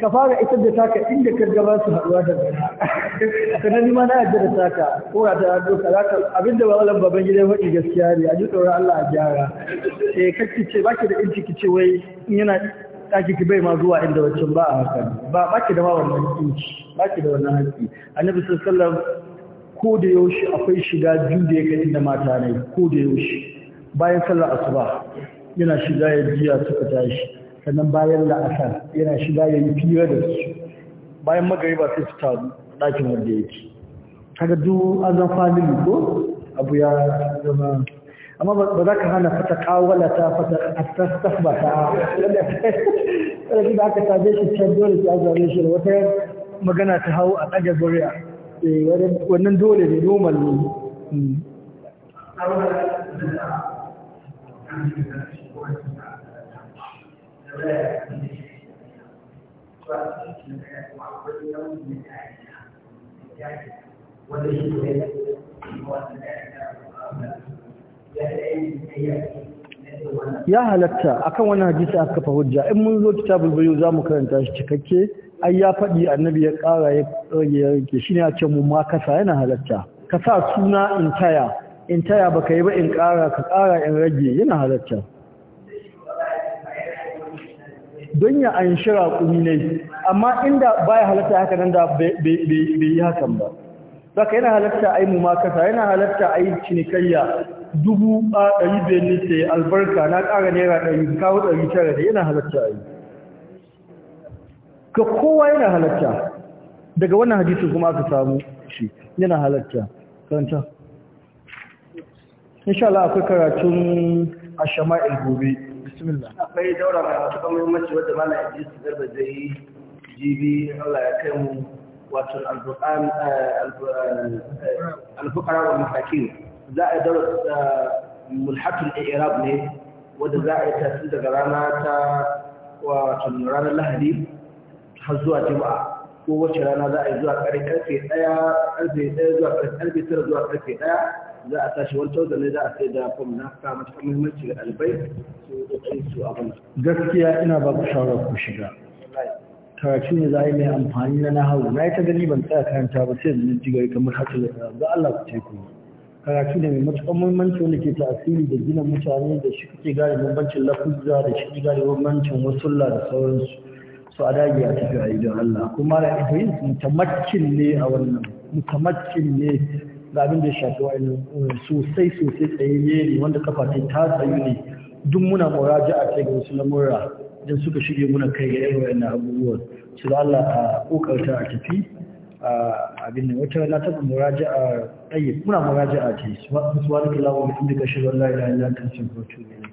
ka fara ita da taka inda ka gaba su haɗuwa da zai kana nima na yadda da taka ko a da ka za ka abinda ba walan baban gidan faɗi gaskiya ne a ji tsoron Allah a gyara eh kacce ce baki da inci kice wai in yana ɗaki ki bai ma zuwa inda waccan ba a hakan ba ki da ma wannan inci baki da wannan haƙi annabi sallallahu ko da yaushe akwai shiga ya kai inda mata ne ko da yaushe bayan sallar asuba yana shiga ya jiya suka tashi sannan bayan la'asar yana shiga ya yi fiye da su bayan ba sai su taru ɗakin wanda yake kaga duk an zan family ko abu ya zama amma ba za ka hana fata kawala ta fata Ba ta ɗaya da aka taje shi can dole ta zare shi da wata magana ta hau a ɗaga zuriya eh, wannan dole ne normal ne hmm. ya halatta akan wani hadisi aka kafa hujja in mun zo kitabul bayu zamu karanta shi cikakke ai ya faɗi annabi ya ƙara ya rage ya shine a ce mu ma kasa yana halatta kasa suna suna intaya in taya baka yi ba in ƙara ka ƙara in rage yana halatta don ya an shira ƙumi ne amma inda ba ya halatta haka nan da bai yi hakan ba ka yana halatta a yi mumakasa yana halatta a yi cinikayya dubu a ɗari ta yi albarka na ƙara naira ɗari kawo ɗari tara da yana halatta a yi ga kowa yana halatta daga wannan hadisun kuma aka samu shi yana halatta karanta insha Allah akwai karatun ashama'il gobe bismillah akwai daura mai wata muhimmanci wadda mana Idris Garba zai yi jibi Allah ya kai mu wato al-Qur'an eh, eh, al-fuqara za a daura eh, mulhatul i'rab ne wadda za a yi tafi daga rana ta wato ranar Lahadi har zuwa Juma'a ko wace rana za a yi zuwa karfe 1 karfe 1 zuwa karfe zuwa karfe 1 za a tashi tozo ne za a sai da fom na haka matuƙar muhimmanci ga ɗalibai su ƙoƙari su abin gaskiya ina ba ku shawarar ku shiga karatu ne za a yi mai amfani na nahawu na yi ta gani ban tsaya ta ba sai da ji gari kamar haka da Allah ku teku karatu ne mai matuƙar muhimmanci wanda ke tasiri da gina mutane da shi kake gane bambancin lafuzza da shi kake gane bambancin wasulla da sauransu su a dage a tafi a don Allah kuma da Idris mutamakkin ne a wannan mutamakin ne da abin da ya shafi wa'annan eh, sosai sosai tsaye ne wanda kafa ta ta tsayu ne duk muna ji a kai ga wasu lamura idan suka shige muna kai ga irin yana abubuwan su da Allah a kokarta a tafi abin da wata na taɓa ji a ɗayyar muna ji a ce su wani kila wa mutum da kashe wallahi da Allah ta cin hoto ne